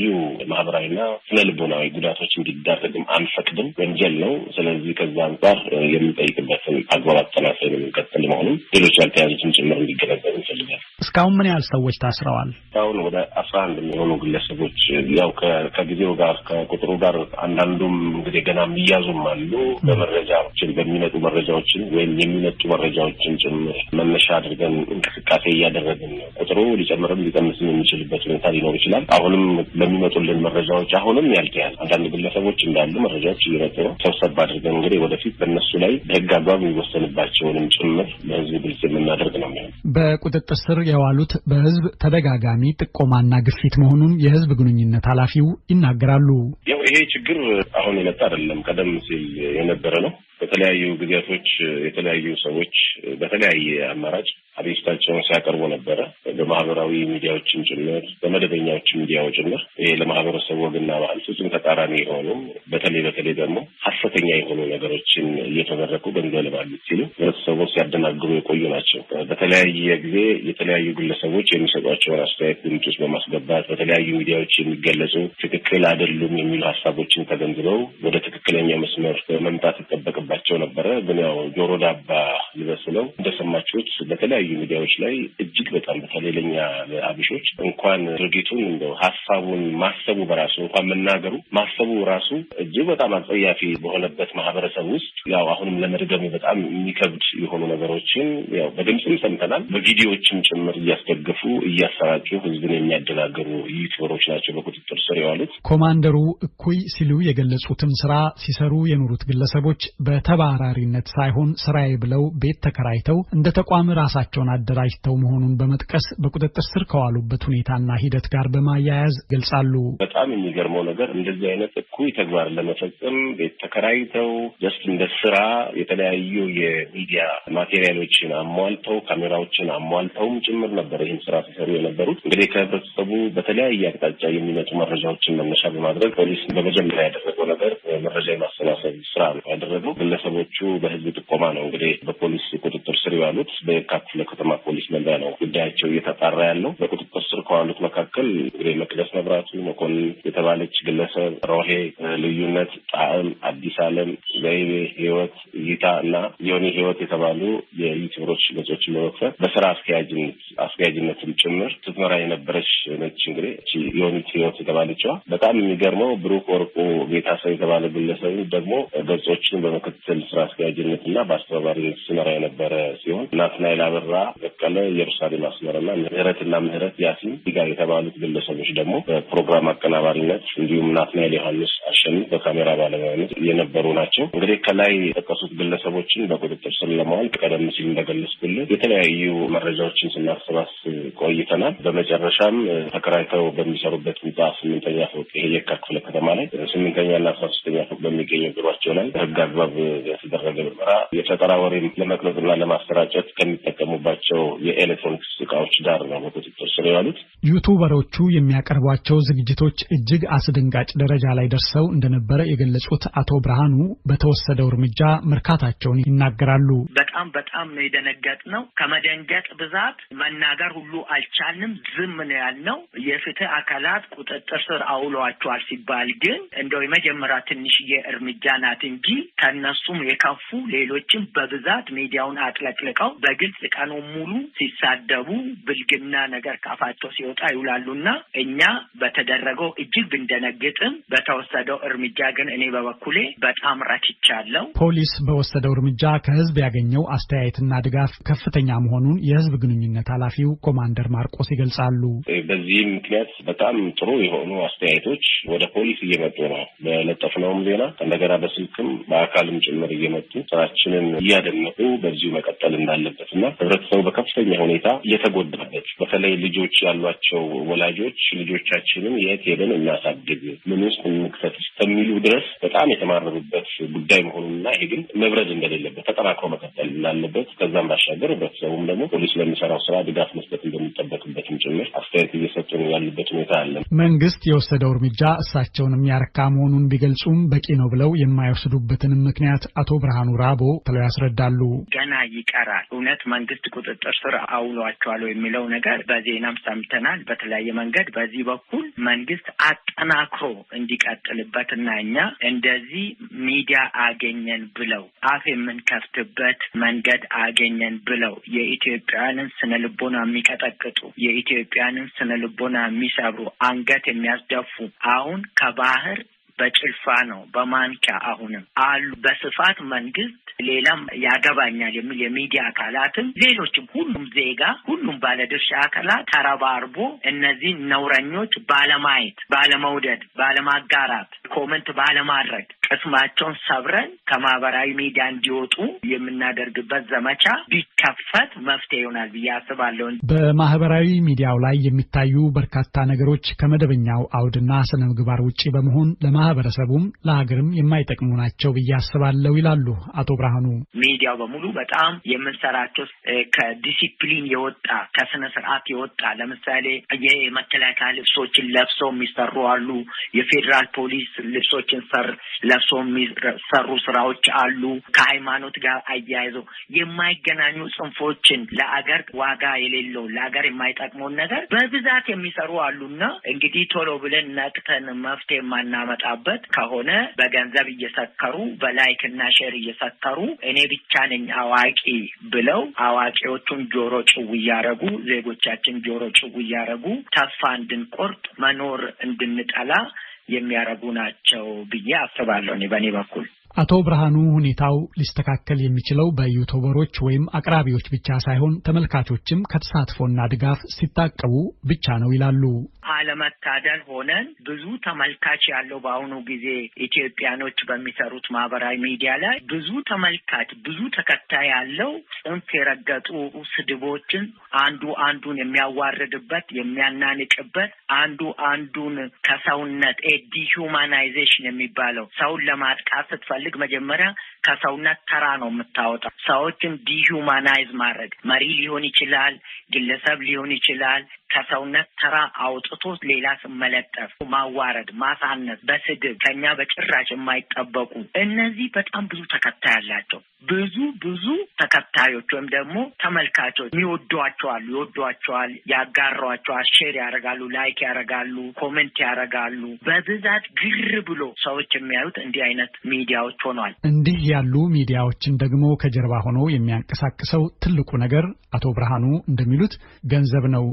ማህበራዊና ስነ ልቦናዊ ጉዳቶች እንዲዳረግም አንፈቅድም፣ ወንጀል ነው። ስለዚህ ከዛ አንጻር የምንጠይቅበትን አግባብ አጠናሳይ ነው የምንቀጥል መሆኑም ሌሎች ያልተያዙትን ጭምር እንዲገ ነገር ይችልኛል። እስካሁን ምን ያህል ሰዎች ታስረዋል? እስካሁን ወደ አስራ አንድ የሚሆኑ ግለሰቦች ያው ከጊዜው ጋር ከቁጥሩ ጋር አንዳንዱም እንግዲህ ገና የሚያዙም አሉ። በመረጃዎችን በሚመጡ መረጃዎችን ወይም የሚመጡ መረጃዎችን ጭምር መነሻ አድርገን እንቅስቃሴ እያደረግን ነው። ቁጥሩ ሊጨምርም ሊቀንስም የሚችልበት ሁኔታ ሊኖር ይችላል። አሁንም በሚመጡልን መረጃዎች አሁንም ያልተያዘ አንዳንድ ግለሰቦች እንዳሉ መረጃዎች እየመጡ ነው። ሰብሰብ አድርገን እንግዲህ ወደፊት በእነሱ ላይ በህግ አግባብ የሚወሰንባቸውንም ጭምር ለህዝብ ግልጽ የምናደርግ ነው የሚሆነው። በቁጥጥር ስር የዋሉት በህዝብ ተደጋጋሚ ጥቆማና ግፊት መሆኑን የህዝብ ግንኙነት ኃላፊው ይናገራሉ። ያው ይሄ ችግር አሁን የመጣ አይደለም፣ ቀደም ሲል የነበረ ነው። በተለያዩ ጊዜያቶች የተለያዩ ሰዎች በተለያየ አማራጭ አቤቱታቸውን ሲያቀርቡ ነበረ። በማህበራዊ ሚዲያዎችም ጭምር በመደበኛዎች ሚዲያው ጭምር ይሄ ለማህበረሰቡ ወግና ባህል ፍጹም ተቃራኒ የሆኑ በተለይ በተለይ ደግሞ ሀሰተኛ የሆኑ ነገሮችን እየተበረኩ በንዘልባሉት ሲሉ ህብረተሰቡን ሲያደናግሩ የቆዩ ናቸው። በተለያየ ጊዜ የተለያዩ ግለሰቦች የሚሰጧቸውን አስተያየት ግምት ውስጥ በማስገባት በተለያዩ ሚዲያዎች የሚገለጹ ትክክል አይደሉም የሚሉ ሀሳቦችን ተገንዝበው ወደ ትክክለኛ መስመር መምጣት ይጠበቅባቸው ነበረ። ግን ያው ጆሮ ዳባ ልበስ እንደሰማችሁት በተለያዩ በተለያዩ ሚዲያዎች ላይ እጅግ በጣም በተለይ ለእኛ ለአብሾች እንኳን ድርጊቱን እንደው ሀሳቡን ማሰቡ በራሱ እንኳን መናገሩ ማሰቡ ራሱ እጅግ በጣም አጸያፊ በሆነበት ማህበረሰብ ውስጥ ያው አሁንም ለመድገሙ በጣም የሚከብድ የሆኑ ነገሮችን ያው በድምፅም ሰምተናል፣ በቪዲዮዎችም ጭምር እያስደገፉ እያሰራጩ ህዝብን የሚያደናገሩ ዩቱበሮች ናቸው በቁጥጥር ስር የዋሉት። ኮማንደሩ እኩይ ሲሉ የገለጹትን ስራ ሲሰሩ የኖሩት ግለሰቦች በተባራሪነት ሳይሆን ስራዬ ብለው ቤት ተከራይተው እንደ ተቋም ራሳቸው ራሳቸውን አደራጅተው መሆኑን በመጥቀስ በቁጥጥር ስር ከዋሉበት ሁኔታና ሂደት ጋር በማያያዝ ገልጻሉ። በጣም የሚገርመው ነገር እንደዚህ አይነት እኩይ ተግባር ለመፈጸም ቤት ተከራይተው ጀስት እንደ ስራ የተለያዩ የሚዲያ ማቴሪያሎችን አሟልተው ካሜራዎችን አሟልተውም ጭምር ነበር ይህን ስራ ሲሰሩ የነበሩት። እንግዲህ ከህብረተሰቡ በተለያየ አቅጣጫ የሚመጡ መረጃዎችን መነሻ በማድረግ ፖሊስ በመጀመሪያ ያደረገው ነገር መረጃ የማሰናሰብ ስራ ነው ያደረገው። ግለሰቦቹ በህዝብ ጥቆማ ነው እንግዲህ በፖሊስ ቁጥጥር ስር የዋሉት። በየካቲት ከተማ ፖሊስ መምሪያ ነው ጉዳያቸው እየተጣራ ያለው። በቁጥጥር ስር ከዋሉት መካከል እንግዲህ መቅደስ መብራቱ መኮንን የተባለች ግለሰብ፣ ሮሄ ልዩነት፣ ጣዕም አዲስ አለም፣ ዘይቤ ህይወት፣ እይታ እና የሆኒ ህይወት የተባሉ የዩቲዩበሮች ገጾችን በመክፈት በስራ አስኪያጅነትም ጭምር ስትመራ የነበረች ነች። እንግዲህ የሆኒት ህይወት የተባለችዋ በጣም የሚገርመው ብሩክ ወርቁ ቤታሰብ የተባለ ግለሰብ ደግሞ ገጾችን በምክትል ስራ አስኪያጅነት እና በአስተባባሪነት ስመራ የነበረ ሲሆን እናትና ይላበር ሽፈራ በቀለ፣ ኢየሩሳሌም አስመረና ምህረትና ምህረት ያሲን ጋር የተባሉት ግለሰቦች ደግሞ በፕሮግራም አቀናባሪነት እንዲሁም ናትናኤል ዮሐንስ አሸንፍ በካሜራ ባለሙያነት የነበሩ ናቸው። እንግዲህ ከላይ የጠቀሱት ግለሰቦችን በቁጥጥር ስር ለማዋል ቀደም ሲል እንደገለጽኩልህ የተለያዩ መረጃዎችን ስናሰባስብ ቆይተናል። በመጨረሻም ተከራይተው በሚሰሩበት ህንፃ ስምንተኛ ፎቅ ይሄ የካ ክፍለ ከተማ ላይ ስምንተኛና አስራ ሶስተኛ ፎቅ በሚገኘው ቢሯቸው ላይ በህግ አግባብ የተደረገ ምርመራ የፈጠራ ወሬ ለመቅረጽና ለማሰራጨት ከሚጠቀሙ ከሚሰራባቸው የኤሌክትሮኒክስ እቃዎች ጋር ነው በቁጥጥር ስር ያሉት። ዩቱበሮቹ የሚያቀርቧቸው ዝግጅቶች እጅግ አስደንጋጭ ደረጃ ላይ ደርሰው እንደነበረ የገለጹት አቶ ብርሃኑ በተወሰደው እርምጃ መርካታቸውን ይናገራሉ። በጣም በጣም ነው የደነገጥ ነው። ከመደንገጥ ብዛት መናገር ሁሉ አልቻልንም። ዝም ነው ያልነው። የፍትህ አካላት ቁጥጥር ስር አውሏቸዋል ሲባል ግን እንደው የመጀመሪያ ትንሽዬ እርምጃ ናት እንጂ ከነሱም የከፉ ሌሎችም በብዛት ሚዲያውን አጥለቅልቀው በግልጽ ቀኑ ነው ሙሉ ሲሳደቡ ብልግና ነገር ካፋቸው ሲወጣ ይውላሉና እኛ በተደረገው እጅግ ብንደነግጥም በተወሰደው እርምጃ ግን እኔ በበኩሌ በጣም ረክቻለሁ። ፖሊስ በወሰደው እርምጃ ከህዝብ ያገኘው አስተያየትና ድጋፍ ከፍተኛ መሆኑን የህዝብ ግንኙነት ኃላፊው ኮማንደር ማርቆስ ይገልጻሉ። በዚህም ምክንያት በጣም ጥሩ የሆኑ አስተያየቶች ወደ ፖሊስ እየመጡ ነው። በለጠፍነውም ዜና እንደገና በስልክም በአካልም ጭምር እየመጡ ስራችንን እያደነቁ በዚሁ መቀጠል እንዳለበት። ህብረ ህብረተሰቡ በከፍተኛ ሁኔታ የተጎዳበት በተለይ ልጆች ያሏቸው ወላጆች ልጆቻችንን የት ሄደን እናሳድግ፣ ምን ውስጥ እንክተት እስከሚሉ ድረስ በጣም የተማረሩበት ጉዳይ መሆኑንና ይሄ ግን መብረድ እንደሌለበት ተጠናክሮ መቀጠል እንዳለበት ከዛም ባሻገር ህብረተሰቡም ደግሞ ፖሊስ ለሚሰራው ስራ ድጋፍ መስጠት እንደሚጠበቅበትም ጭምር አስተያየት እየሰጡ ያሉበት ሁኔታ አለ። መንግስት የወሰደው እርምጃ እሳቸውን የሚያረካ መሆኑን ቢገልጹም በቂ ነው ብለው የማይወስዱበትንም ምክንያት አቶ ብርሃኑ ራቦ ተለው ያስረዳሉ። ገና ይቀራል። እውነት መንግስት ቁጥጥር ስር አውሏቸዋል የሚለው ነገር በዜናም ሰምተናል። በተለያየ መንገድ በዚህ በኩል መንግስት አጠናክሮ እንዲቀጥልበት እና እኛ እንደዚህ ሚዲያ አገኘን ብለው አፍ የምንከፍትበት መንገድ አገኘን ብለው የኢትዮጵያንን ስነ ልቦና የሚቀጠቅጡ የኢትዮጵያንን ስነ ልቦና የሚሰብሩ አንገት የሚያስደፉ አሁን ከባህር በጭልፋ ነው፣ በማንኪያ አሁንም አሉ በስፋት መንግስት፣ ሌላም ያገባኛል የሚል የሚዲያ አካላትም፣ ሌሎችም ሁሉም ዜጋ፣ ሁሉም ባለድርሻ አካላት ተረባርቦ እነዚህ ነውረኞች ባለማየት፣ ባለመውደድ፣ ባለማጋራት፣ ኮመንት ባለማድረግ ቅስማቸውን ሰብረን ከማህበራዊ ሚዲያ እንዲወጡ የምናደርግበት ዘመቻ ቢከፈት መፍትሄ ይሆናል ብዬ አስባለሁ። በማህበራዊ ሚዲያው ላይ የሚታዩ በርካታ ነገሮች ከመደበኛው አውድና ስነ ምግባር ውጭ በመሆን ለማ ለማህበረሰቡም ለሀገርም የማይጠቅሙ ናቸው ብዬ አስባለሁ ይላሉ አቶ ብርሃኑ። ሚዲያው በሙሉ በጣም የምንሰራቸው ከዲሲፕሊን የወጣ ከስነ ስርዓት የወጣ ለምሳሌ የመከላከያ ልብሶችን ለብሰው የሚሰሩ አሉ። የፌዴራል ፖሊስ ልብሶችን ሰር ለብሰው የሚሰሩ ስራዎች አሉ። ከሃይማኖት ጋር አያይዘው የማይገናኙ ጽንፎችን ለአገር ዋጋ የሌለው ለአገር የማይጠቅመውን ነገር በብዛት የሚሰሩ አሉና እንግዲህ ቶሎ ብለን ነቅተን መፍትሄ የማናመጣ የሚመጣበት ከሆነ በገንዘብ እየሰከሩ በላይክ እና ሼር እየሰከሩ እኔ ብቻ ነኝ አዋቂ ብለው አዋቂዎቹን ጆሮ ጭው እያረጉ ዜጎቻችን ጆሮ ጭው እያረጉ ተስፋ እንድንቆርጥ መኖር እንድንጠላ የሚያረጉ ናቸው ብዬ አስባለሁ እኔ በእኔ በኩል። አቶ ብርሃኑ ሁኔታው ሊስተካከል የሚችለው በዩቱበሮች ወይም አቅራቢዎች ብቻ ሳይሆን ተመልካቾችም ከተሳትፎና ድጋፍ ሲታቀቡ ብቻ ነው ይላሉ። አለመታደል ሆነን ብዙ ተመልካች ያለው በአሁኑ ጊዜ ኢትዮጵያኖች በሚሰሩት ማህበራዊ ሚዲያ ላይ ብዙ ተመልካች ብዙ ተከታይ ያለው ጽንፍ የረገጡ ስድቦችን አንዱ አንዱን የሚያዋርድበት የሚያናንቅበት አንዱ አንዱን ከሰውነት ዲሂውማናይዜሽን የሚባለው ሰውን ለማጥቃት ስትፈል ስንፈልግ መጀመሪያ ከሰውነት ተራ ነው የምታወጣው። ሰዎችን ዲሁማናይዝ ማድረግ መሪ ሊሆን ይችላል፣ ግለሰብ ሊሆን ይችላል። ከሰውነት ተራ አውጥቶ ሌላ ስም መለጠፍ፣ ማዋረድ፣ ማሳነስ በስድብ ከኛ በጭራሽ የማይጠበቁ እነዚህ በጣም ብዙ ተከታይ አላቸው። ብዙ ብዙ ተከታዮች ወይም ደግሞ ተመልካቾች የሚወዷቸዋሉ፣ ይወዷቸዋል፣ ያጋሯቸዋል፣ ሼር ያደርጋሉ፣ ላይክ ያደርጋሉ፣ ኮሜንት ያደርጋሉ። በብዛት ግር ብሎ ሰዎች የሚያዩት እንዲህ አይነት ሚዲያዎች ሆኗል። እንዲህ ያሉ ሚዲያዎችን ደግሞ ከጀርባ ሆኖ የሚያንቀሳቅሰው ትልቁ ነገር አቶ ብርሃኑ እንደሚሉት ገንዘብ ነው።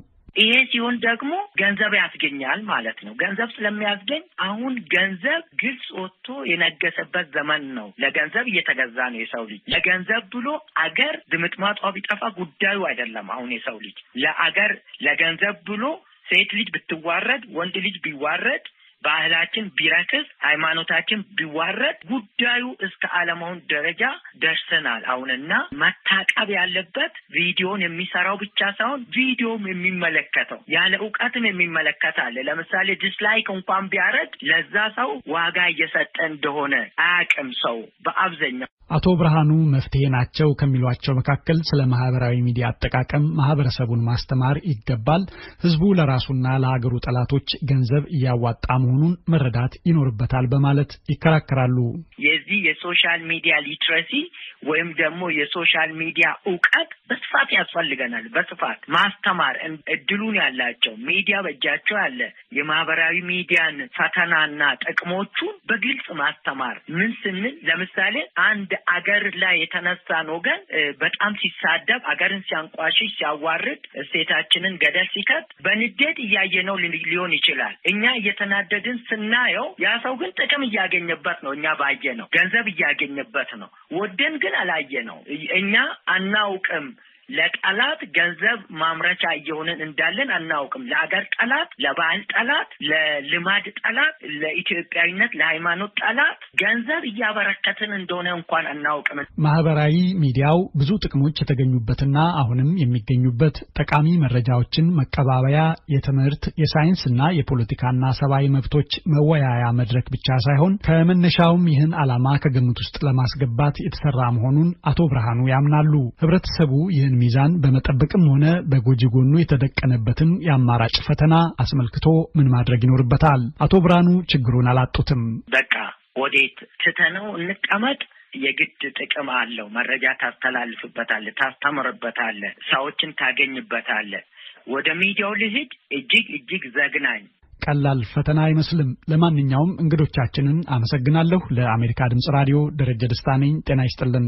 ይሄ ሲሆን ደግሞ ገንዘብ ያስገኛል ማለት ነው። ገንዘብ ስለሚያስገኝ አሁን ገንዘብ ግልጽ ወጥቶ የነገሰበት ዘመን ነው። ለገንዘብ እየተገዛ ነው የሰው ልጅ። ለገንዘብ ብሎ አገር ድምጥማጧ ቢጠፋ ጉዳዩ አይደለም። አሁን የሰው ልጅ ለአገር ለገንዘብ ብሎ ሴት ልጅ ብትዋረድ፣ ወንድ ልጅ ቢዋረድ ባህላችን ቢረክስ፣ ሃይማኖታችን ቢዋረድ ጉዳዩ እስከ አለመሆን ደረጃ ደርሰናል። አሁንና መታቀብ ያለበት ቪዲዮን የሚሰራው ብቻ ሳይሆን ቪዲዮም የሚመለከተው ያለ እውቀትም የሚመለከት አለ። ለምሳሌ ዲስላይክ እንኳን ቢያረግ ለዛ ሰው ዋጋ እየሰጠ እንደሆነ አያቅም ሰው በአብዛኛው። አቶ ብርሃኑ መፍትሄ ናቸው ከሚሏቸው መካከል ስለ ማህበራዊ ሚዲያ አጠቃቀም ማህበረሰቡን ማስተማር ይገባል፣ ህዝቡ ለራሱና ለሀገሩ ጠላቶች ገንዘብ እያዋጣ መሆኑን መረዳት ይኖርበታል በማለት ይከራከራሉ። የዚህ የሶሻል ሚዲያ ሊትረሲ ወይም ደግሞ የሶሻል ሚዲያ እውቀት በስፋት ያስፈልገናል። በስፋት ማስተማር እድሉን ያላቸው ሚዲያ በእጃቸው ያለ የማህበራዊ ሚዲያን ፈተናና ጥቅሞቹን በግልጽ ማስተማር ምን ስንል ለምሳሌ አንድ አገር ላይ የተነሳን ወገን በጣም ሲሳደብ፣ አገርን ሲያንቋሽሽ፣ ሲያዋርድ፣ እሴታችንን ገደል ሲከት በንዴት እያየ ነው ሊሆን ይችላል። እኛ እየተናደ መንገድን ስናየው ያ ሰው ግን ጥቅም እያገኘበት ነው። እኛ ባየ ነው ገንዘብ እያገኘበት ነው። ወደን ግን አላየ ነው። እኛ አናውቅም ለጠላት ገንዘብ ማምረቻ እየሆንን እንዳለን አናውቅም። ለአገር ጠላት፣ ለባህል ጠላት፣ ለልማድ ጠላት፣ ለኢትዮጵያዊነት፣ ለሃይማኖት ጠላት ገንዘብ እያበረከትን እንደሆነ እንኳን አናውቅም። ማህበራዊ ሚዲያው ብዙ ጥቅሞች የተገኙበትና አሁንም የሚገኙበት ጠቃሚ መረጃዎችን መቀባበያ፣ የትምህርት፣ የሳይንስና የፖለቲካና ሰብአዊ መብቶች መወያያ መድረክ ብቻ ሳይሆን ከመነሻውም ይህን ዓላማ ከግምት ውስጥ ለማስገባት የተሰራ መሆኑን አቶ ብርሃኑ ያምናሉ። ህብረተሰቡ ይህን ሚዛን በመጠበቅም ሆነ በጎጂ ጎኑ የተደቀነበትን የአማራጭ ፈተና አስመልክቶ ምን ማድረግ ይኖርበታል? አቶ ብርሃኑ ችግሩን አላጡትም። በቃ ወዴት ትተነው እንቀመጥ? የግድ ጥቅም አለው። መረጃ ታስተላልፍበታለህ፣ ታስተምርበታለህ፣ ሰዎችን ታገኝበታለህ። ወደ ሚዲያው ልሂድ እጅግ እጅግ ዘግናኝ ቀላል ፈተና አይመስልም። ለማንኛውም እንግዶቻችንን አመሰግናለሁ። ለአሜሪካ ድምፅ ራዲዮ ደረጀ ደስታ ነኝ። ጤና ይስጥልን።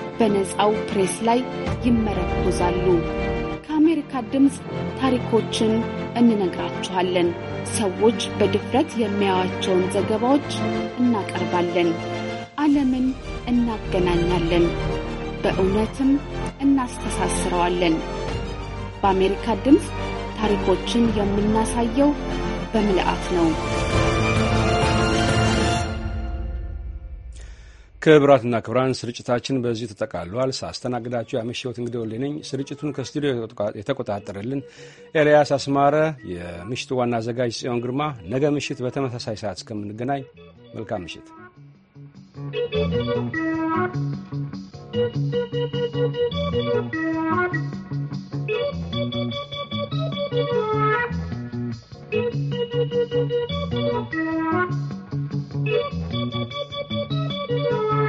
በነፃው ፕሬስ ላይ ይመረኮዛሉ። ከአሜሪካ ድምፅ ታሪኮችን እንነግራችኋለን። ሰዎች በድፍረት የሚያዩዋቸውን ዘገባዎች እናቀርባለን። ዓለምን እናገናኛለን፣ በእውነትም እናስተሳስረዋለን። በአሜሪካ ድምፅ ታሪኮችን የምናሳየው በምልአት ነው። ክብራትና ክብራን ስርጭታችን በዚሁ ተጠቃሏል። ሳስተናግዳችሁ ያመሸሁት እንግዲህ ነኝ። ስርጭቱን ከስቱዲዮ የተቆጣጠረልን ኤልያስ አስማረ፣ የምሽቱ ዋና አዘጋጅ ጽዮን ግርማ። ነገ ምሽት በተመሳሳይ ሰዓት እስከምንገናኝ መልካም ምሽት።